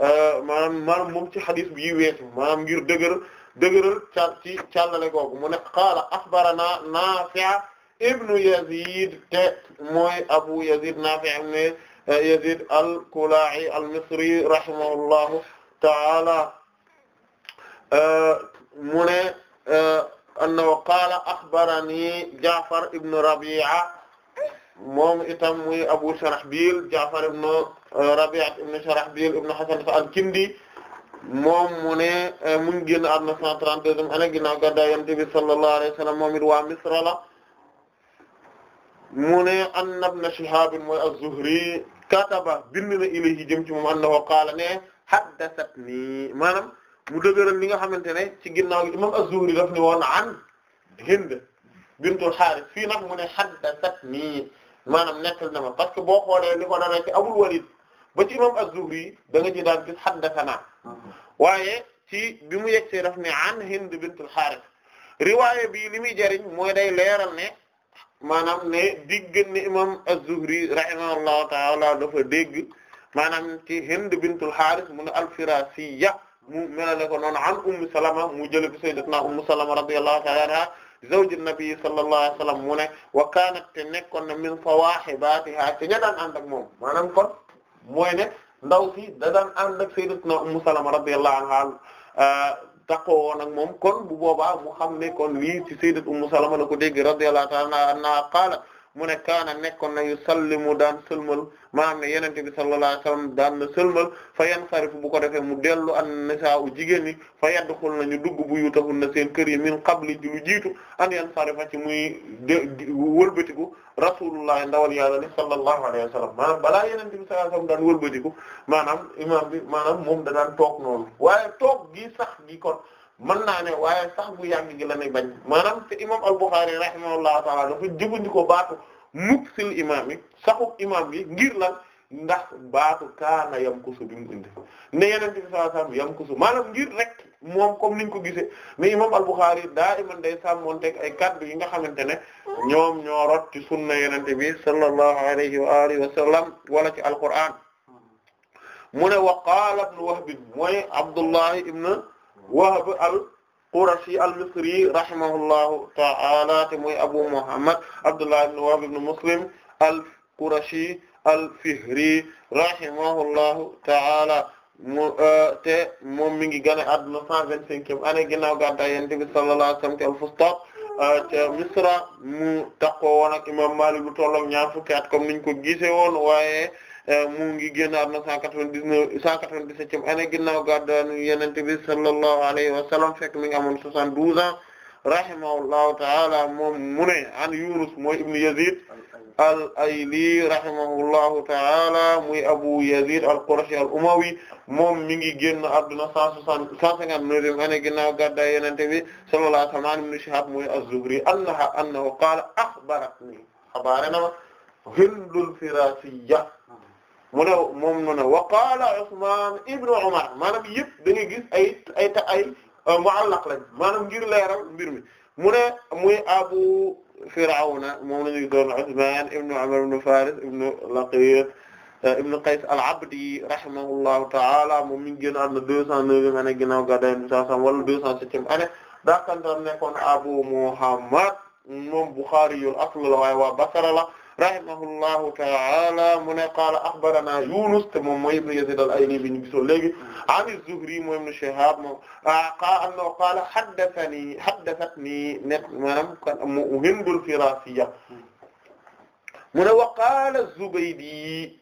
B: euh, maanaam maanaam moom ci xadis bi yi weesu maanaam gir dëgër dëgëral ca ci càllale googu mu ne qaala axbarana Naafi' ibnu Yazid te mooy Abu Yazid Naafi' ibnu Yazid al-Kalaa'i al-Misri rahimahullahu ta'ala mu ne eh, annahu qaala axbarani Ja'far ibn Rabi'a moom itam muy Abu Sharahbil Ja'far ibn eh, Rabi'a ibn Sharahbil ibn Hasan al-Kindi moom mu ne eh, mu ngi génn àdduna 132e année ginnaaw gàddaay Yonent bi sallallahu alayhi wa sallam moom it waa Misra la mu ne anna ibn Shihab mooy az-Zuhri kataba bind na ilayhi jëm ci moom annahu qaala ne haddathatni maanaam mu dëgëral li nga xamante ne ci ginnaaw gi imam az-Zuhri daf ni woon an Hind bintul Haaris fii nag mu ne haddathatnii maanaam nekkal na ma parce que boo xoolee li ko dara ci Abul Walid ba ci imam az-Zuhri da nga ci daan gis haddathana waaye ci bi mu yegsee daf ne an Hind bintul Haaris riwaaya bii li muy jëriñ mooy day leeral ne maanaam ne diggan imam az-Zuhri rahimahullahu ta'ala dafa dégg maanaam ci Hind bintul Haaris mu ne al-Firasiyya mu melale ko noonu an ummu salama mu jële ko sayyidatuna ummu salama radiyallahu ta'ala anha zawju nabi sallallahu mu ne wa kaanat te nekkoon na min fawahibaatiha te ña daan ànd ak moom maanaam kon mooy ne ndaw si da daan ànd ak sayyidatuna ummu salama radiyallahu anha ah, taqoo woon ak moom kon bu boobaa mu xam ne kon lii ci sayyidat ummu salama la ko dégg radiyallahu ta'ala anha qaalat mu ne kaana nekkoon na yu sallimu daan sëlmal maanaam ne yenente bi sallallahu alayhi wasallam daan na sëlmal fa yansarifu bu ko defee mu dellu an nisaa u jigéen ñi fa na ñu dugg bu yutahun na seen kër yi min qabli ji lu jiitu an yansarifa ci muy wëlbatiku rasulullah ndawal yàlla ni sallallahu alayhi wasallam maanaam balaa yenente bi sallallahu alayhi wasallam daan wëlbatiku maanaam imam bi maanaam moom da daan toog noonu waaye toog gi sax gi kon mën naa ne waaye sax bu yàgg gi la nay bañ maanaam te imam al-Bukhari rahimahullahu taala dafa jëfandikoo baatu muksil imaam yi saxuk imaam bi ngir la ndax baatu kaana yamkusu bi mu indi ne yeneen bi sallallahu alayhi wasallam yamkusu ngir rek moom comme niñ ko gisee ne imam al-Bukhari daa iman day sàmmonteeg ay kaddu yi nga xamante ne ñoom ñoo rot ci sunna yenente bi sallallahu alayhi wa alihi wa wala ci alquran mu ne wa qaala ibn mooy Abdullah ibn Wahb al-Qurashi al-Misri rahimahullahu ta'ala te mooy Abu Muhammad Abdullah ibn Wahb ibn Muslim al-Qurashi al-Fihri rahimahullahu ta'ala euh, te moom mi ngi gane àdduna 125e année ginnaaw gàddaay Yonent bi sallallahu alayhi wa sallam te al-Fustat euh, Misra mu takkoo woon imam Malik bu tollook ñaar fukki at comme niñ ko gisee woon waaye Euh, mu ngi génn àdduna 199 197e année ginnaaw gàddaay Yonent bi sallallahu alayhi wa sallam fekk mi ngi amoon 72 ans rahimahullahu ta'ala moom mu ne an Yunus mooy ibnu Yazid al-Ayli rahimahullahu ta'ala muy Abu Yazid al-Qurashi al-Umawi moom mi ngi génn àdduna 160 159e année ginnaaw gàddaay Yonent bi sallallahu alayhi wa sallam ibnu Shihab mooy az-Zuhri annaha annahu qaala akhbaratni xabaare na ma Hindul Firasiyya mu ne moom mu ne wa qaala Usmaan ibnu Umar maanaam yëpp da ngay gis ay ay ta ay euh, mu'allaq lañ maanaam ngir leeral mbir mi mu ne muy Abu Firawna moom la ñuy doon Usmaan ibnu Umar ibnu Faaris ibnu Laqiit euh, ibnu Qays al-Abdi rahimahullahu ta'ala moom mi ngi génn am na deux cent neuvième année ginnaaw gàddaay Yonent bi sallallahu alayhi wa sallam wala deux cent septième année daa kan nekkoon Abu Muhammad moom Buxaari yul asl la waaye waa Basra la rahimahullahu ta'ala mu ne qaala axbarana Yunus te moom mooy ibn Yazid al-Ayli bi ñu gisoon léegi an az-Zuhri mooy ibn Shihab moom ah, annahu qaala haddathani haddathatni net maanaam Hind al-Firasiyya hmm. mu ne wa qaala az-Zubaydi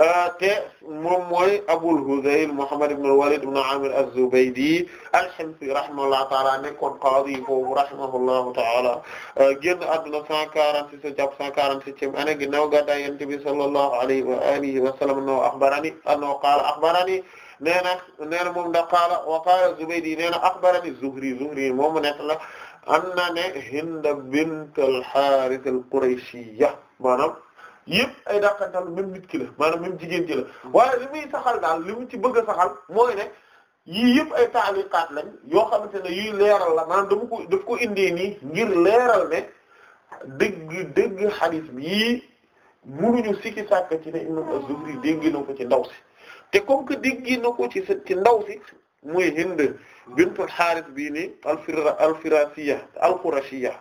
B: Euh, te moom mooy Abul Huzayl Muhammad ibn al-Walid ibn Amir az-Zubaydi al-Himsi rahimahullahu ta'ala nekkoon qaadi foofu rahimahullahu ta'ala euh, génn àdduna 146 jàpp 147 année ginnaaw gàddaay Yonent bi sallallahu alayhi wa alihi wa sallam annahu akhbarani annahu qaala akhbarani nee na nee na moom da qaala wa qaala Zubaydi nee na akhbarani Zuhri Zuhri moom nekk la anna ne Hind bint al-Harith al-Qurashiyya maanaam yëpp ay dàqantal même nit ki la maanaam même jigéen ji la waaye li muy saxal daal li mu ci bëgg a saxal mooy ne yii yëpp ay taaliqaat lañ yoo xamante ne yuy leeral la maanaam dama ko daf ko indee nii ngir leeral ne dëgg dëgg xadiis bi yii munuñu sikki sàkk ci ne imam az-Zuhri dégg na ko ci ndaw si te comme que dégg ko ci ci ndaw si mooy Hind bintul Haaris bii ni al-Firasiya al-Qurashiya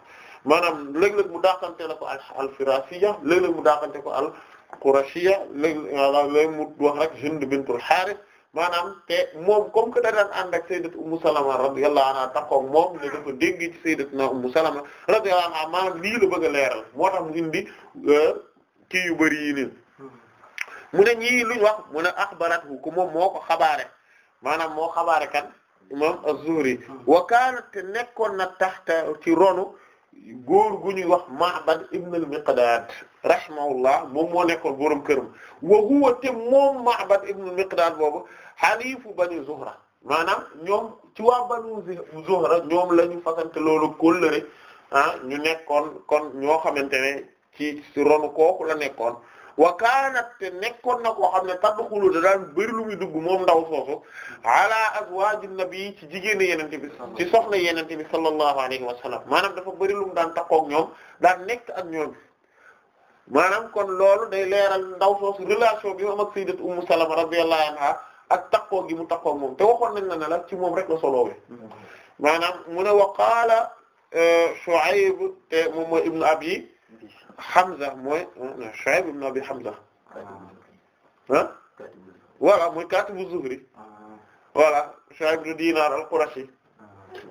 B: maanaam léeg-léeg mu dàqante la ko al-Firasiyya léeg-léeg mu dàqante ko al-Qurashiyya léeg-léeg mu wax rek Hind bintul Harith maanaam te moom comme que da daan ànd ak sayyidat Ummu Salama radiyallahu anha takkoo moom ne dafa dégg ci sayyidatna Ummu Salama radiyallahu anha maanaam lii la bëgg a leeral moo tax mu indi euh, kii yu bëri yi nii mu ne ñii luñ wax mu ne axbaratu ku moom moo ko xabaare maanaam moo xabaare kan imam Az-Zuhri hmm. wa kaanat te nekkoon na taxta ci ronu góor gu ñuy wax Ma'bad ibn al-Miqdad rahimahullah moom moo nekkoon borom këram wa huwa te moom Ma'bad ibn al-Miqdad boobu halifu Bani Zuhra maanaam ñoom ci waa Bani Zuhra ñoom la ñu fasante loolu kóllëre ah ñu nekkoon kon ñoo xamante ne ci ronu kooku la nekkoon wa kaanat te nekkoon na koo xam ne tadxulu da daan bëri lu muy dugg moom ndaw soosu ala azwaaji nabi ci jigéeni yenente bi ci soxna yenente bi sallallahu alayhi wa sallam maanaam dafa bëri lu mu daan takkook ñoom daan nekk ak ñoom maanaam kon loolu day leeral ndaw soosu relation bi moom ak sayyidat ummu salama radiyallahu anha ak takkook gi mu takkook moom te waxoon nañ na la ci moom rek la soloowe maanaam mu ne wa qaala euh, Shu'ayb te moom mooy abi Hamza mooy euh, Shuayb ibn Abi Hamza ah voilà mooy katibu Zuhri ah. voilà Shuayb ibn Dinar al-Qurashi ah.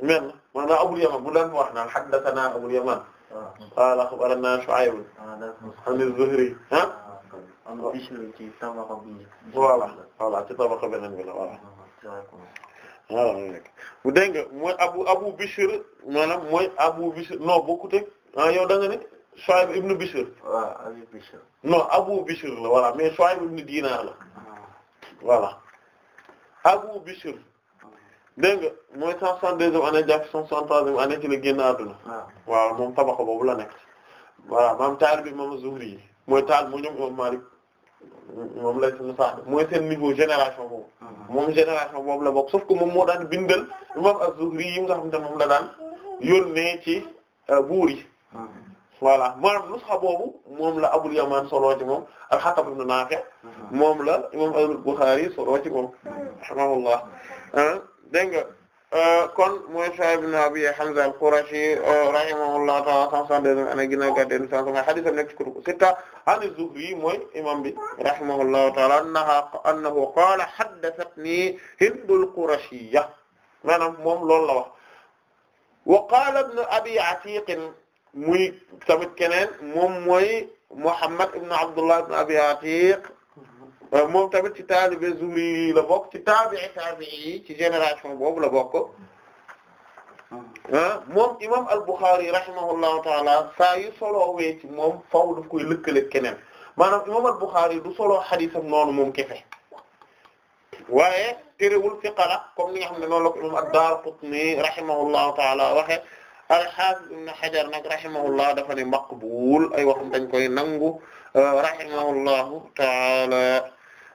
B: men maanaam Abul Yaman bu daan wax naan haddathana Abul Yaman ah. qala akhbarana Shuayb an az-Zuhri ah voilà voilà ci tabaqa beneen bi la voilà waaw bu dégg nga mooy abu abu Bishr maanaam mooy abu Bishr non bokkut ak ah yow da nga ne Shuayb ibn Bishr. waaw Abu Bishr. la voilà mais Shuayb ibn Dinar la. Ah. voilà Abu Bishr. dégg nga mooy 162e année jàpp 163e année ci la génn àdduna. Ah. waaw moom tabaxa boobu la nekk. voilà maam taal bi maam Zuhri yi mooy taal moo ñoom Imam Malik moom lay sunu mooy seen niveau génération boobu. Ah. moom génération boobu la bokk sauf que moom moo daan bindal imam Az-Zuhri yi nga xam ne moom la daan yónnee ci euh, buur voilà maanaam nusxa boobu moom la Abul Yamaan soloo ci moom al-Hakam ibn Naafi' mhm. moom la imam al-Bukhari soloo ci moom rahimahullah dégg nga euh, kon mooy Shu'ayb ibn Abi Hamza al-Qurashi euh, rahimahullah ta'ala cent soixante-deuxième année ginnaaw gàddaay Yonent bi sallallahu alayhi wasallam hadiisam nekk ci kutubu sitta an az-Zuhri mooy imam bi rahimahullahu ta'ala annaha annahu qaala haddathatnii Hind al-Qurashiyya maanaam moom loolu la wax wa qaala ibn Abi Atiq muy tamit keneen moom mooy Muhammad ibn Abdullah ibn Abi Atiq euh, moom tamit ci taalibe Zuhri la bokk ci taabi'i taabi'i ci génération boobu la bokk ah moom imam al-Bukhari rahimahullahu taala saa yu soloowee ci moom faaw daf koy lëkkale keneen maanaam imam al-Bukhari du soloo xadisam noonu moom kefe waaye terewul fiqala comme ni nga xam ne noonu la ko imam ad-Daraqutni rahimahullahu taala waxe al-Hafiz ibn Hajar nag rahimahullah dafa ne maqbuul ay waxam dañ koy nangu euh, rahimahullahu taala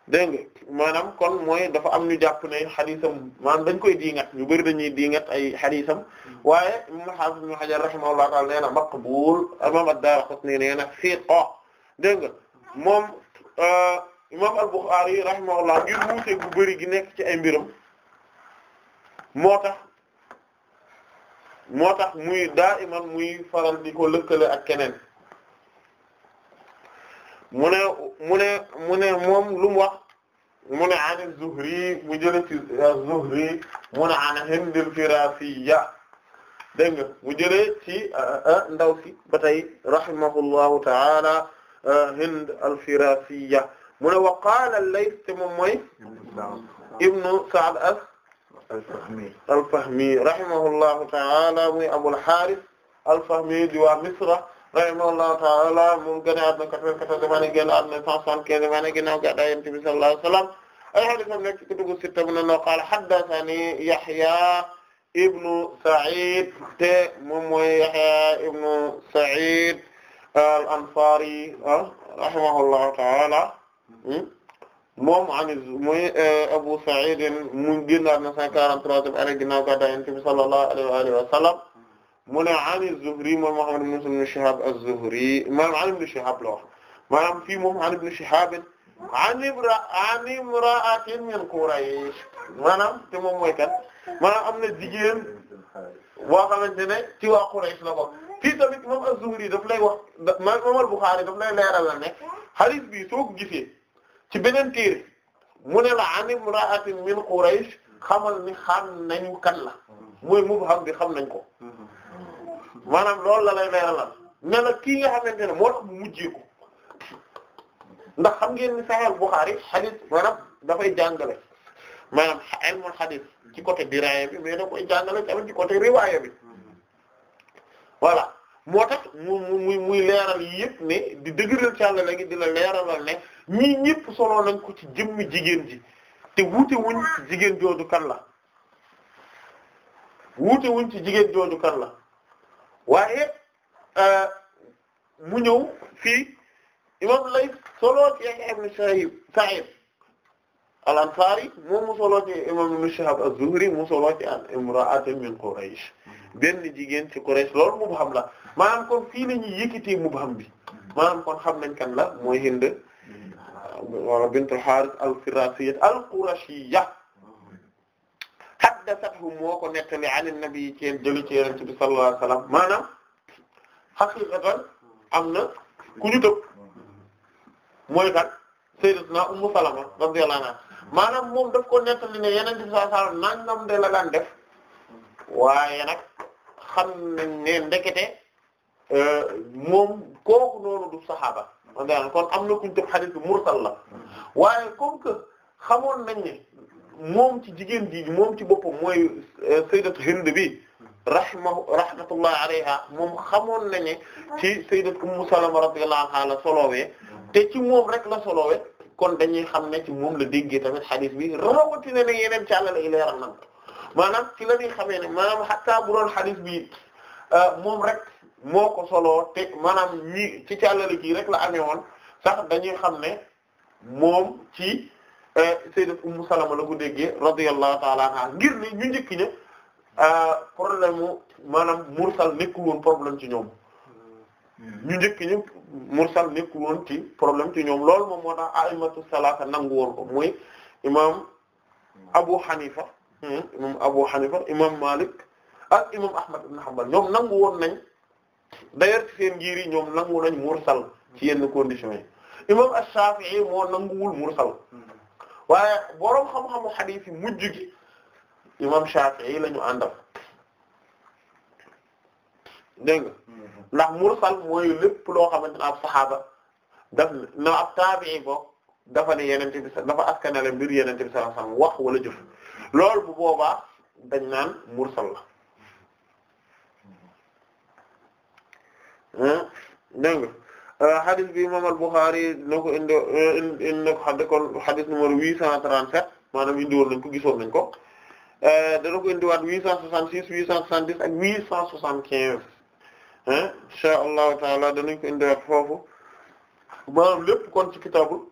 B: dégg nga maanaam kon mooy dafa am ñu jàpp ne xadisam maanaam dañ koy diingat ñu bëri dañuy diingat ay xadisam waaye imam al-Hafiz ibn Hajar rahimahullahu taala nee na maqbuul imam ad-Daraqutni nee na siqa dégg moom euh, imam al-Bukhari rahimahullah ngir wuute bu bëri gi nekk ci ay mbiram moo moo tax muy daa iman muy faral di ko lëkkale ak keneen mu ne mu ne mu ne moom lu mu wax mu ne an Zuhri mu jële ci Zuhri mu ne an Hind al-Firasiyya dégg nga mu jëlee ci ah, ah, ah, ndaw si ba tey rahimahullahu ta'ala Hind al-Firasiyya mu ne wa qaala al-Layth moom mooy ibnu Sa'd as
A: al-Fahmi al-Fahmi
B: rahimahullahu ta'ala muy Abul Harith al-Fahmi di waa Misra rahimahullahu ta'ala moom gën a adduna 94 maa ngi génn adduna 175 maa ngi ginnaaw gàddaay Yonent bi sallallahu alayhi wa sallam ay hadiisam nekk ci kutubu sitta mu ne qaala haddathanii Yahya ibnu Sa'id te moom mooy Yahya ibnu Sa'id al-Ansari ah, rahimahullahu ta'ala hmm? moom anis muy eh, Abu Sa'id mu génnaat na 143 ane ginnaaw gàddaay Yonent bi sallallahu alayhi wa alihi wa sallam mu ne ani Zuhri moom Muhammad ibn Muslim ibn Shihab az-Zuhri maanaam an ibn Shihab la wax maanaam fii moom an ibn Shihab an imra an imra'atin min Quraysh maanaam te moom mooy kan maanaam am na jigéen boo xamante ne ci waa Quraysh la bokk fii tamit moom az-Zuhri daf lay wax maanaam Bukhari daf lay leeralal ne hadith bi soo ko gisee ci beneen téere mu ne la an imra'atin min Quraysh xamal ni xam nañu kan la mooy mubham bi xam nañ ko maanaam loolu la lay leeralal ne la kii nga xamante ne moo tax mu mujjee ko ndax xam ngeen ni Sahih Bukhari hadith maanaam dafay jàngale maanaam ilmul hadith ci côté diraya bi mais da koy jàngale tamit ci côté riwaaya bi voilà moo tax mu muy muy leeral yëpp ne di dëgëral ci Yàlla léegi di la leeralal ne. ñii ñëpp solo nañ ko ci jëmmi jigéen ji te wuute wuñ ci jigéen jooju kan la wuute wuñ ci jigéen jooju kan la waaye euh, mu ñëw fii imam lay solo ci Yahya ibn Sa'id Sa'id al-Ansari moom mu solo ci imam ibn Shihab az-Zuhri mu solo ci an imra'atin min Quraysh benn jigéen ci Quraysh loolu mubham la maanaam kon fii la ñuy yëkkatee mubham bi maanaam kon xam nañ kan la mooy Hind wala bintul Haaris al-Firasiyya al-Qurashiyya haddathathu moo ko nettali an an-nabi ci jëli ci Yonent bi sallallahu alayhi wa sallam maanaam haqiqatan am na ku ñu tëb mooy kat sayyidatuna Ummu Salama radiyallahu anha maanaam moom daf ko nettali ne Yonent bi sallallahu alayhi wa sallam nangam de la daan def waaye nag xam nañ ne ndekete euh, moom kooku noonu du saxaaba radiyallahu kon am na kuñ tëb xadis bi mursal la waaye comme que xamoon nañ ne moom ci jigéen ji moom ci boppam mooy euh, sayyidatu Hind bi rahma rahmatullah alayha moom xamoon nañ ne ci sayyidatu Ummu Salama radiyallahu anha la solowee te ci moom rek la solowee kon dañuy xam ne ci moom la déggee tamit xadis bi rawatina ne yeneen ci àlla lay leeral nan maanaam ci la ñuy xamee ne maanaam xataa bu doon xadis bi euh, moom rek moo ko solo te maanaam ñi ci càllale kii rek la amee woon sax dañuy xam ne moom ci euh, sayyidat Ummu Salama la ko déggee radiyallahu ta'ala anha ngir ni ñu njëkk ña euh, problème mu maanaam mursal nekkul woon problème ci ñoom hmm. ñu njëkk ña mursal nekkul woon ci problème ci ñoom loolu moom moo tax a'immatu salaasa nangu ko mooy imam Abu Hanifa hmm, imam Abu Hanifa imam Malik ak imam Ahmad ibn ñoom nangu woon nañ d'ailleurs ci seen ngir yi ñoom nangu nañ mursal ci yenn conditions yi imam Ash-Shafi'i moo nanguwul mursal waaye boroom xam-xamu hadith yi mujj gi imam Shafi'i lañu ñu àndal dégg nga mm-hmm. ndax mursal mooy lépp loo xamante ne ab saxaaba daf na ab taabi'i bokk dafa ne mbir yeneen bi wax wala jëf loolu bu boobaa dañ naan mursal la. dégg nga euh, hadith bi imam al-Bukhari na ko indi euh, indi ko xam ne kon hadith numéro 837 maanaam indi woon nañ ko gisoon nañ ko euh, dana ko indiwaat 866 870 ak 875 insha allahu taala danañ ko indiwaat foofu maanaam lépp kon ci kitaabu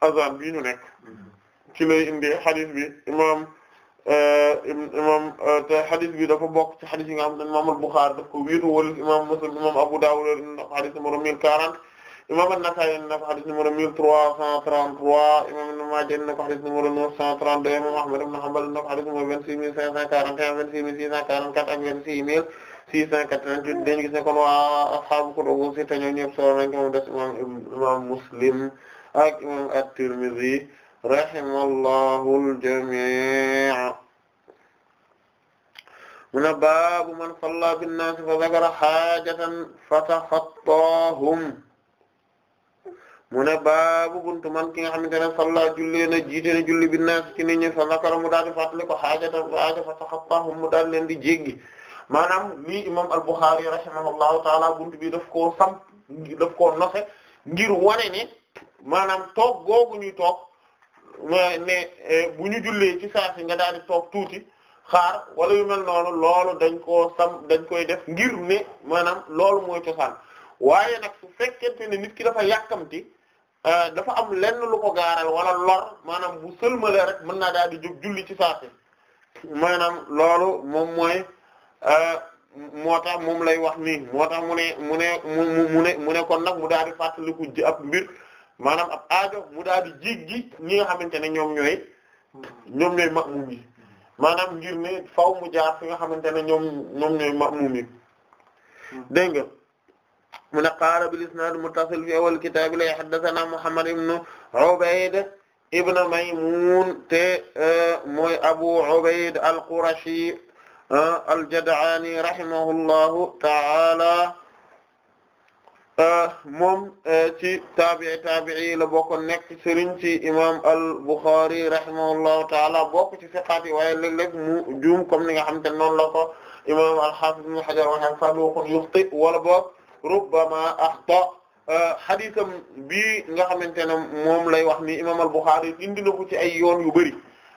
B: azan bii ñu nekk mm-hmm. ci lay indi hadith bi imam imam eh, te hadith bi dafa bokk ci hadith yi nga xam ne imam al-Bukhari daf ko wéetu wala imam Muslim imam Abu Dawud hadith numéro 1040 imam an-Nasa'i na ko hadith numéro 1333 imam Ibn Majah na ko hadith numéro 932 imam Ahmad ibn Hanbal na ko hadith numéro 26541 26644 ak 26688 dañu gis ne kon waa ashaabu kutubu sitta ñoom ñëpp solo nañ ko moom des imam Muslim ak imam at-Tirmidhi rahimallahu al-jamii' mu ne baabu man salla binnaasi fa zakara xaajatan fataxattaahum mu ne baabu buntu man ki nga xamante ne salla julli na jiite na julli binnaasi ci nit ñi fa zakara mu daal di fàttali ko xaajatan xaaja mu daal leen di jéggi maanaam lii imam al-Bukhari taala buntu bi daf koo daf koo nose ngir wane ne maanaam toog googu ñuy toog ne eh, bu ñu jullee ci saa si nga daal di toog tuuti xaar wala yu mel noonu loolu dañ koo sam dañ koy def ngir ne maanaam loolu mooy cosaan waaye nag su fekkente ne nit ki dafa yàkkamti eh, dafa am lenn lu ko gaaral wala lor maanaam bu sëlmale rek mën naa daal di jóg julli ci saa si maanaam loolu moom mooy eh, moo tax moom lay wax nii moo tax mu ne mu ne mu mu ne mu ne kon nag mu daal di fàttaliku ji ab mbir maanaam ab aajo mu daal di jéggi ñi nga xamante ne ñoom ñooy ñoom ñooy maanaam ngir ne faw mu jaar fi nga xamante ne ñoom ñoom ñooy ma'muum yi dégg nga mu ne qaala bil isnaad muttasil fi awal kitaab la haddathana Muhammad ibn Ubayd ibn Maymun te e, Abu Ubayd al-Qurashi e, al-Jad'ani rahimahullahu ta'ala Euh, moom euh, ci taabi'i taabi'i la bokkoon nekk sëriñ ci imam al-Bukhari rahimahullahu taala bokk ci siqaat yi waaye léeg-léeg mu juum comme ni nga xam te noonu la ko imam al-Hafiz Ibn Hajar waxee saduqun yuxti wala boog rubbama axta euh, xadisam bii nga xamante ne moom lay wax ni imam al-Bukhari indi na ko ci ay yoon yu bëri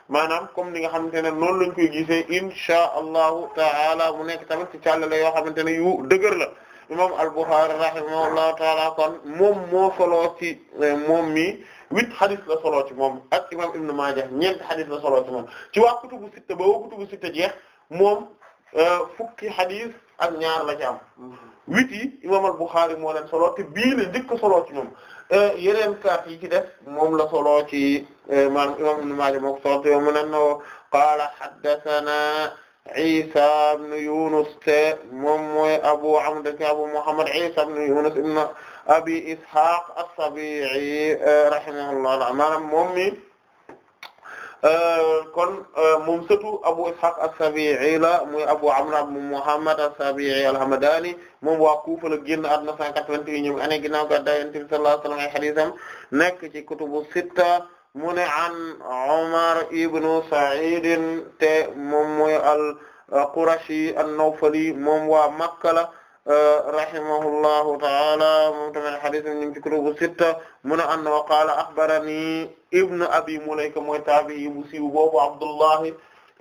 B: maanaam comme ni nga xamante ne noonu lañ koy gisee inshaa allahu taala mu nekk tamit ci càllale yoo xamante ne yu dëgër la imam al-Bukhari rahimahullahu taala kon moom moo solo ci eh, moom mi huit xadis la solo ci moom ak imam Ibn Maaja ñeent xadis la solo ci moom ci waa kutubu sitta ba waa kutubu sitta jeex moom eh, fukki xadis ak ñaar la ci am yi imam al-Bukhari moo leen solo te bii la njëkk solo ci moom eh, yeneen kaat yi ci def moom la solo ci maanaam imam Ibn Maaja moo ko solo te qaala haddathana Isa ibn Yunus te moom mooy Abu Amr te Abu Muhammad Isa ibn Yunus ibn Abi Ishaq as-Sabi'i rahimahullah maanaam moom mi euh, kon euh, moom sëtu Abu Ishaq as-Sabi'i la muy Abu Amr ibn Muhammad as-Sabi'i al-Hamdani moom waa Kufa la génn àdduna 181 ñoom année ginnaaw gàddaay Yonent bi sallallahu alayhi wa sallam ay hadiisam nekk ci kutubu sitta mu ne an Umar ibn Sa'id te moom mooy al-Qurashi an-Nawfali moom waa Makka la euh, rahimahullahu ta'ala moom tamit hadith ñu ngi ci kutubu sitta mu ne an wa qaala akhbarani ibn Abi Mulayka mooy taabi'i bu siiw boobu Abdullah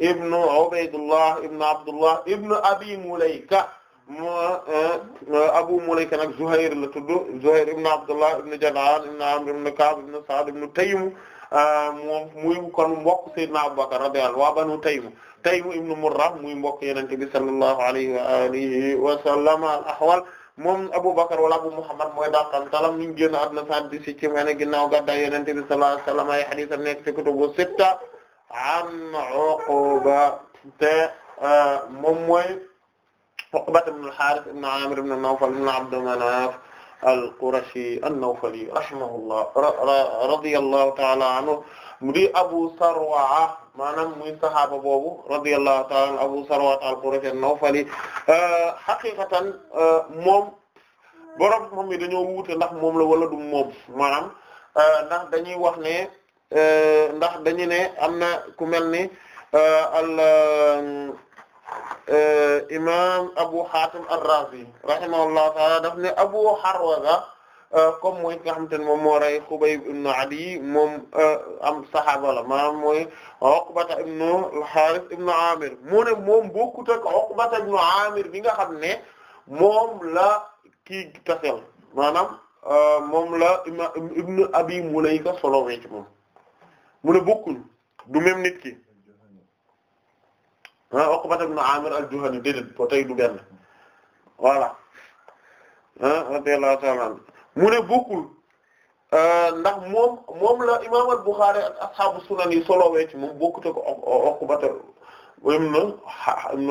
B: ibn Ubaydullah ibn Abdullah ibn Abi Mulayka euh, Abu Mulayka nag Zuhair la tudd Zuhair ibn Abdullah ibn Jad'an ibn Amr ibn Ka'b ibn Sa'd ibn Taym Euh, moom muy kon mbokk Seydina Abubakar radiyallahu waa Banu Taym Taym ibn Murra muy mbokk Yonent bi sallallahu alayhi wa alihi wa sallam al ahwal moom Abubakar wala Abu Muhammad mooy daqan talam ñu ngi génn àdduna cent dix-sept ci année ginnaaw gàddaay Yonent bi sallallahu alayhi wa sallam ay hadiis am nekk ci kutubu sitta an Uqba te euh, moom mooy Uqba ibn al-Harith ibn Amir ibn Nawfal ibn Abd Manaf al-Qurashi an-Nawfali rahimahullah radiyallahu ta'ala anhu mu di Abu Sarwa maanaam muy saxaaba boobu radiyallahu ta'ala Abu Sarwa al-Qurashi an-Nawfali euh, haqiqatan euh, moom borom xam ne dañoo wuute ndax moom la wala du moom maanaam euh, ndax dañuy wax ne ndax dañu ne am na ku mel ni al. Eh, imam Abu Hatim ar-Razi rahimahullahu ta'ala daf ne Abu Harwaza eh, comme mooy ki nga xamante ne moom moo rey Xubayb ibn Adi moom eh, am saxaaba la maanaam mooy Uqbata ibn al-Harith ibn Amir mu ne moom bokkut ak Uqbata ibn Amir bi nga xam ne moom la kii tasel maanaam moom la ima ibn Abi Mulayka solo wee ci moom mu ne bokkuñ du même nit ki ah Uqbata ibn Amir al-Juhani déedéet ba du benn voilà ah radiyallahu ta'ala anhu mu euh, ndax moom moom la imaam al-Bukhari ak ashaabu sunan yi solowee ci moom bokkute ko Uqbata ibn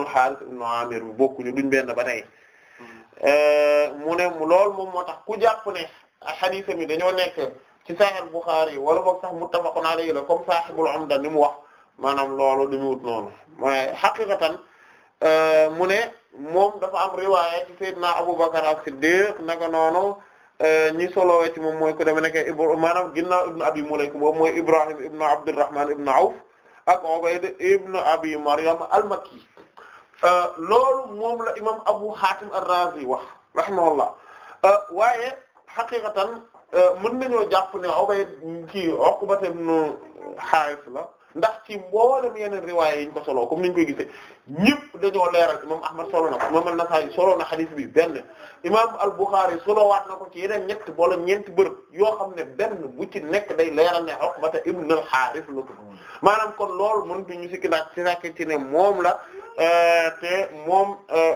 B: al-Harith ibn Amir bu bokkuñu duñ benn ba tey euh, mu moom moo tax ku jàpp ne hadiis mi dañoo nekk ci Sahih al-Bukhari wala boog sax muttafaqun alayhi la comme Sahibul Umda ni mu wax. maanaam loolu li mu wut xaqiqatan euh, mu ne moom dafa am riwaaya ci Seydina Abubakar as-Siddiq naka noonu euh, ñi solowee mooy ku deme nekk Ibra maanaam ginnaaw Abi Mulayka boobu Abi Maryam al euh, loolu moom la imam Abu Hatim ar-Razi wax rahimahullah waaye xaqiqatan mën nañoo jàpp ne Ubayd kii Uqbat ibnu Haaris la ndax ci mboolem yeneen riwaaya yi ñu ko soloo comme ni ñu koy gisee ñëpp dañoo leeral imam Ahmad solo na ko imam An-Nasa'i solo na xadis bi benn imam Al-Bukhârî solowaat na ko ci yeneen ñett boole ñeenti bërëb yoo xam ne benn bu ci nekk day leeral ne Uqbata ibn al-Harith la ko maanaam kon loolu mënutu ñu sikki naat si nak ci ne moom la euh, te moom euh,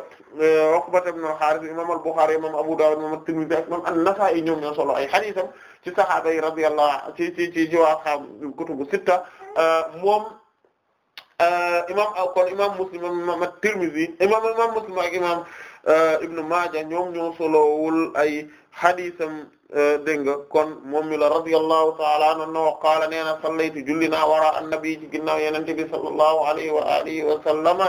B: Uqbata ibn al-Harith imam Al-Bukhârî imam Abu Dâwud imam At-Tirmidhî ak imam An-Nasa'i ñoo solo ay xadisam ci sahaaba yi radiyallahu ci ci ci ci waa xam kutubu sitta euh, moom euh, imam kon imam muslim imam at-Tirmidhi imam imam muslim ak imam euh, ibnu Maaja ñoom ñoo solowul ay hadisam dégg nga kon moom mi la radiyallahu ta'ala anhu no qaala nee na sallaytu julli naa wara annabi ci ginnaaw yenente bi sallallahu alayhi wa alihi wa sallama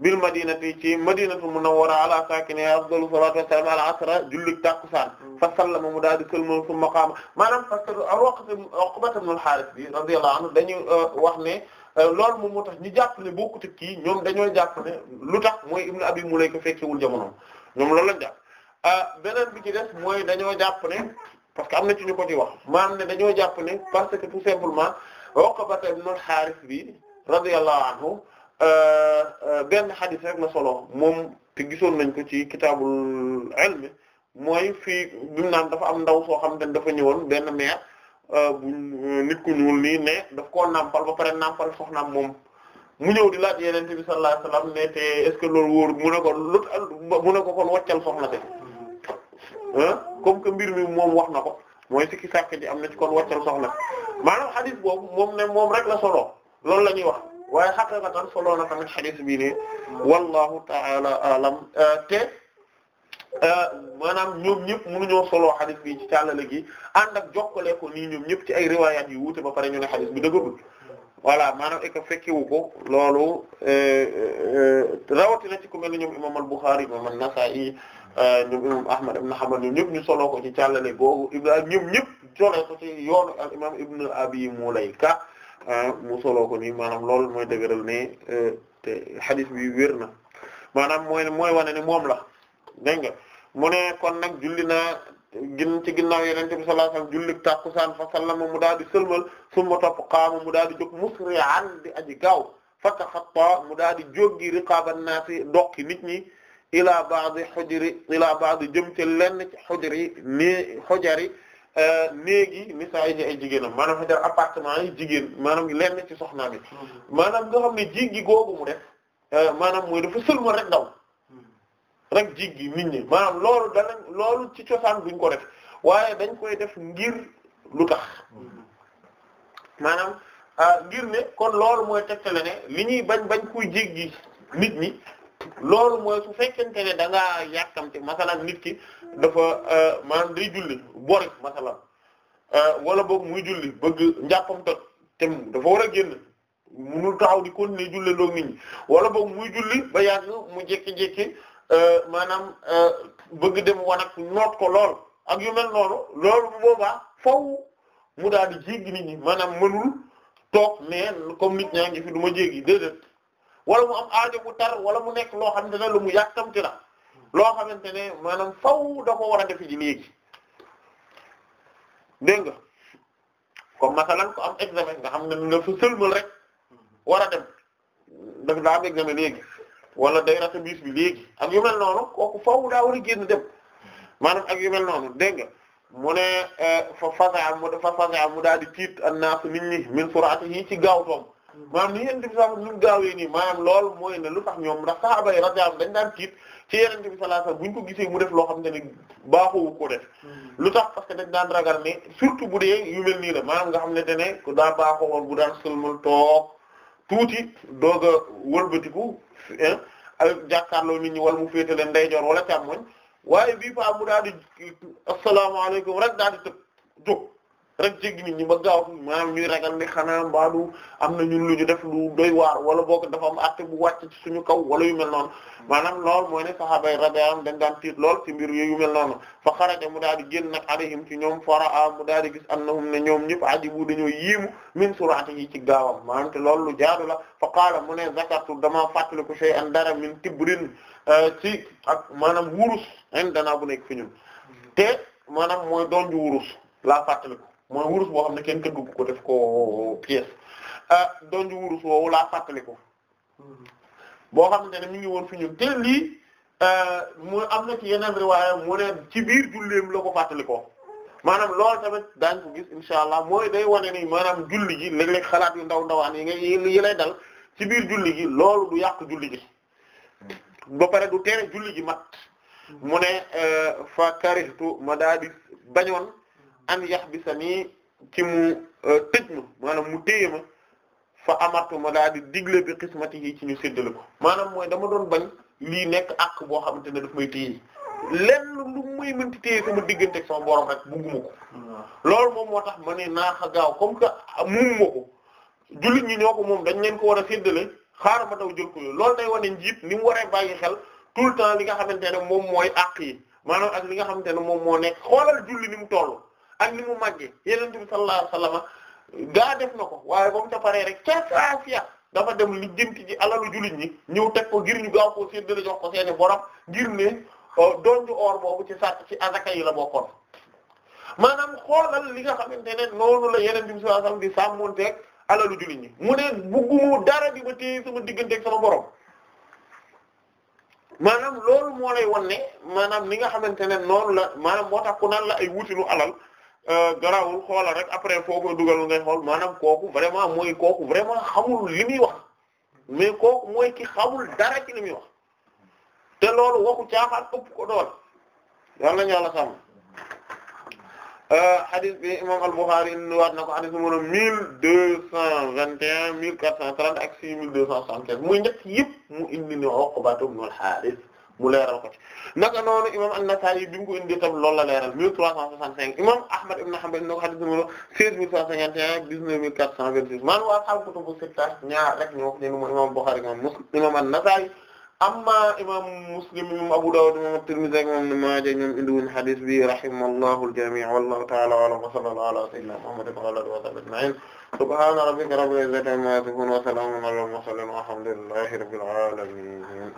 B: bil madinati ci madinatul munawwara ala sakiniha afdalu salatu wassalam al asra jullik takusaan mm. fa sallama mu daal di sëlmal summa maanaam parce que awaqati Uqbata ibn al bi radiyallahu anhu dañu euh, wax ne euh, loolu moom moo tax ñu jàpp ne bokkut ak kii ñoom dañoo jàpp ne lu tax mooy Ibn Abi Mulayka wul jamonoom ñoom loolu lañ jàpp euh, beneen bi ci des mooy dañoo jàpp ne parce que am na ci ñu ko ci wax maanaam ne dañoo jàpp ne parce que tout simplement Uqbata ibn al-Harith bi radiyallahu anhu Euh, euh, benn xadis rek la solo moom te gisoon nañ ko ci kitaabul ilmi mooy fii bimu naan dafa am ndaw soo xam ne dafa ñëwoon benn mère euh, bu nit ku ñuul nii ne daf koo nàmpal ba pare nàmpal soxnaam moom mu ñëw di laaj yeneen bi sallallahu alayhi wasallam ne te est-ce que loolu wóor mu ne ko mu ne ko kon waccal soxna te comme que mbir mi moom wax na ko mooy sikki sàkk ji am na ci kon waccal soxna maanaam xadis boobu moom ne moom rek la solo loolu la ñuy wax waaye xaqiqatan soloo na tamit xadis bi ne wallahu taala alam te maanaam ñoom ñëpp mënuñoo soloo xadis bi ci càllale gi ànd ak jokkale ko nii ñoom ñëpp ci ay riwaayaat yu wuute ba pare ñu ne xadis bi dëgërul voilà maanaam et que fekkiwu ko loolu eh, eh, rawatina ci ku mel ne ñoom imam al-Bukhari imam an-Nasa'i eh, ñoom imam Ahmad ibn Hanbal ñoom ñëpp ñu soloo ko ci càllale googu Ibrahima ñoom ñëpp soloo ko ci yoonu al imam ibn Abi Mulayka Ah, mu soloo ko nii maanaam loolu mooy dëgëral ne eh, te xadis bi wér na maanaam mooy mooy wane ne moom la dégg nga mu ne kon nag julli naa gin ci ginnaaw yonent bi sallallahu alayhi wasallam julli tàkkusaan fa sallama mu daal di sëlmal summa topp qaama mu daal di jóg musri'an di aji gaaw fa taxatta mu daal di jóggi riqaaban naasi doqi nit ñi ilaa ba'di hujri ilaa ba'di jëm ci lenn ci hujri ni hujri Euh, léegi nisaa yi ay jigéenam maanaam xëy na appartement yi jigéen maanaam lenn ci soxna bi mm-hmm. maanaam nga xam ne jiggi googu mu def euh, maanaam mooy dafa sëlma rek daw mm-hmm. rek jiggi nit ñi maanaam loolu danañ loolu ci cosaan duñ ko def waaye dañ koy def ngir lu tax mm-hmm. maanaam euh, ngir ne kon loolu mooy tegtale ne li ñuy bañ bañ kuy jiggi nit ñi loolu mooy su fekkente ne da ngaa yàkkamte masalan nit ki dafa euh, maanaam day julli bori masalan euh, wala boog muy julli bëgg njàppam toj te dafa war a génn munul taxaw di continuer julli doog nit ñi wala boog muy julli ba yàgg mu jékki-jékki euh, maanaam bëgg dem wanak noot ko lool ak yu noonu loolu bu boobaa faw mu daal di jéggi ñi maanaam mënul toog ne comme nit ñaa ngi du ma jéggi déedéet wala mu am aajo bu tar wala mu nekk loo xam ne lu mu yàkkamti la loo xamante ne maanaam faw da ko war a def ji léegi dégg nga comme masalan ko am examen nga xam ne nga fa sëlmal rek war a dem daf daa am examen léegi wala day rata bi léegi ak yu mel noonu kooku faw daa war a génn dem maanaam ak yu mel noonu dégg nga mu ne eh, fa fasaa mu fa fasaa mu daal di tiit annaasu nit ñi min suratihi ci gaaw toom maanaam ni yeen di sax nu gaawee nii maanaam loolu mooy ne lu tax ñoom ndax saxaaba yi radiyallahu dañ daan tiit ci yenente bi sallallahu alayhi wasallam bu ko gisee mu def loo xam ne ne baaxuwu ko def hmm. lu tax parce que dañ daan ragal ne surtout bu dee yu mel nii la maanaam nga xam ne te ne ku daa baaxoo woon bu daan sëlmal toog tuuti doog a wëlbatiku jàkkaar jàkkaarloo nit ñu wala mu féete leen ndeyjoor wala càmmoñ waaye bii fa mu daal di asalaamaaleykum rek daal di tëb jóg rek jéggi nit ñi ba gaaw maanaam ñuy ragal ni xanaa mbaadu am na ñun lu ñu def lu doy waar wala boog dafa am àtte bu wàcc ci suñu kaw wala yu mel noonu maanaam lool mooy ne sahaaba yi radiyallahu anhum dañ daan tiit lool ci mbir yu mel noonu fa xarate mu daal di génn nag alayhim ci ñoom faraa mu daal di gis annahum ne ñoom ñëpp ajibu dañoo yéemu min suraati yi ci gaawam maanaam te lool lu jaadu la fa qaala mu ne zakartu damaa fàttaliku shay'an dara min tibrin euh, ci ak maanaam wurus an danaa bu nekk fi ñun te maanaam mooy doon ju wurus laa fàttaliku mooy wurus boo xam ne kenn këddu ko def ko pièce ah, donj wurus woowu laa fàttaliku boo xam ne mu ngi woon fi ñun te lii ah, mu am na ci yeneen riwaaya mu ne ci biir julleem la ko fàttalikoo maanaam loolu tamit daañ ko gis insha allah mooy day wane ni maanaam julli gi léeg-léeg xalaat yu ndaw ndawaan yi nga yi lay dal ci biir julli gi loolu du yàq julli gi ba pare du tere julli gi mat hmm. mu ne ah, fa karihtu ma daa di bañoon bi sa yahbisani ci mu euh, tëj ma maanaam mu téye ma fa amatu ma daal di digle bi xismati yi ci ñu séddale ko maanaam mooy dama doon bañ lii nekk ak boo xamante ne daf may téye lenn lu muy mënti téye sama diggante ak sama borom rek bugguma ko loolu moom moo tax ma ne naaxa gaaw comme que muumuma ko jullit ñi ñoo ko moom dañ leen ko war a séddale xaaral ma daw jël ko loolu day wane njiit ni mu waree bàyyi xel tout le temps li nga xamante ne moom mooy àq yi maanaam ak li nga xamante ne moom moo nekk xoolal julli ni mu toll ak ni mu màggee yenente bi sallallahu alayhi wasallam def na ko waaye ba paree rek ca dafa dem li jënti ji alalu jullit ñi ñëw teg ko ngir ñu gaaw koo seen dina jox ko seeni borom ngir ne euh, doon ju boobu ci sàtt ci azaka yi la bokkoon maanaam xoolal li nga xamante ne noonu la yeneen bi sallallahu alayhi wasallam di sàmmonteeg mu ne dara di ba téye sama digganteeg sama borom maanaam loolu moo lay won ne maanaam li nga xamante ne noonu la maanaam moo tax ku naan la ay wutinu alal Euh, garawul xoolal rek après foo koy dugal ngay xool maanaam kooku vraiment mooy kooku vraiment xamul li muy wax mais kooku mooy ki xamul dara ci li muy wax te loolu waxu caaxaan ëpp ko dool yal nañu yàlla a euh, hadith bi imam al-Bukhari indiwaat na ko hadith numéro mille deux cent vingt et un mille quatre cent trente ak six mille deux cent soixante-quinze muy njëkk yëpp mu indi ne Uqbatu ibn al-Harith mu leeral ko ci naka noonu imam an-Nasa'i bi mu ko indi tam loolu la leeral 1365 imam Ahmad ibn Hanbal na ko hadith numéro 16351 19426 maanaam waa xam kutubu sitta ñaar rek ñoo ko jënd mooy imam Bukhari imam Muslim imam an-Nasa'i amma imam Muslim imam Abu Dawud imam at-Tirmidhi ak imam Ibn Majah ñoom indi wuñu hadith bi rahimallahu al-jami' wallahu ta'ala a'lam wa sallallahu ala sayyidina Muhammadin wa ala alihi wa sahbihi ajma'in subhana rabbika rabbil izzati amma yasifun wa salamun ala al-mursalin walhamdulillahi rabbil alamin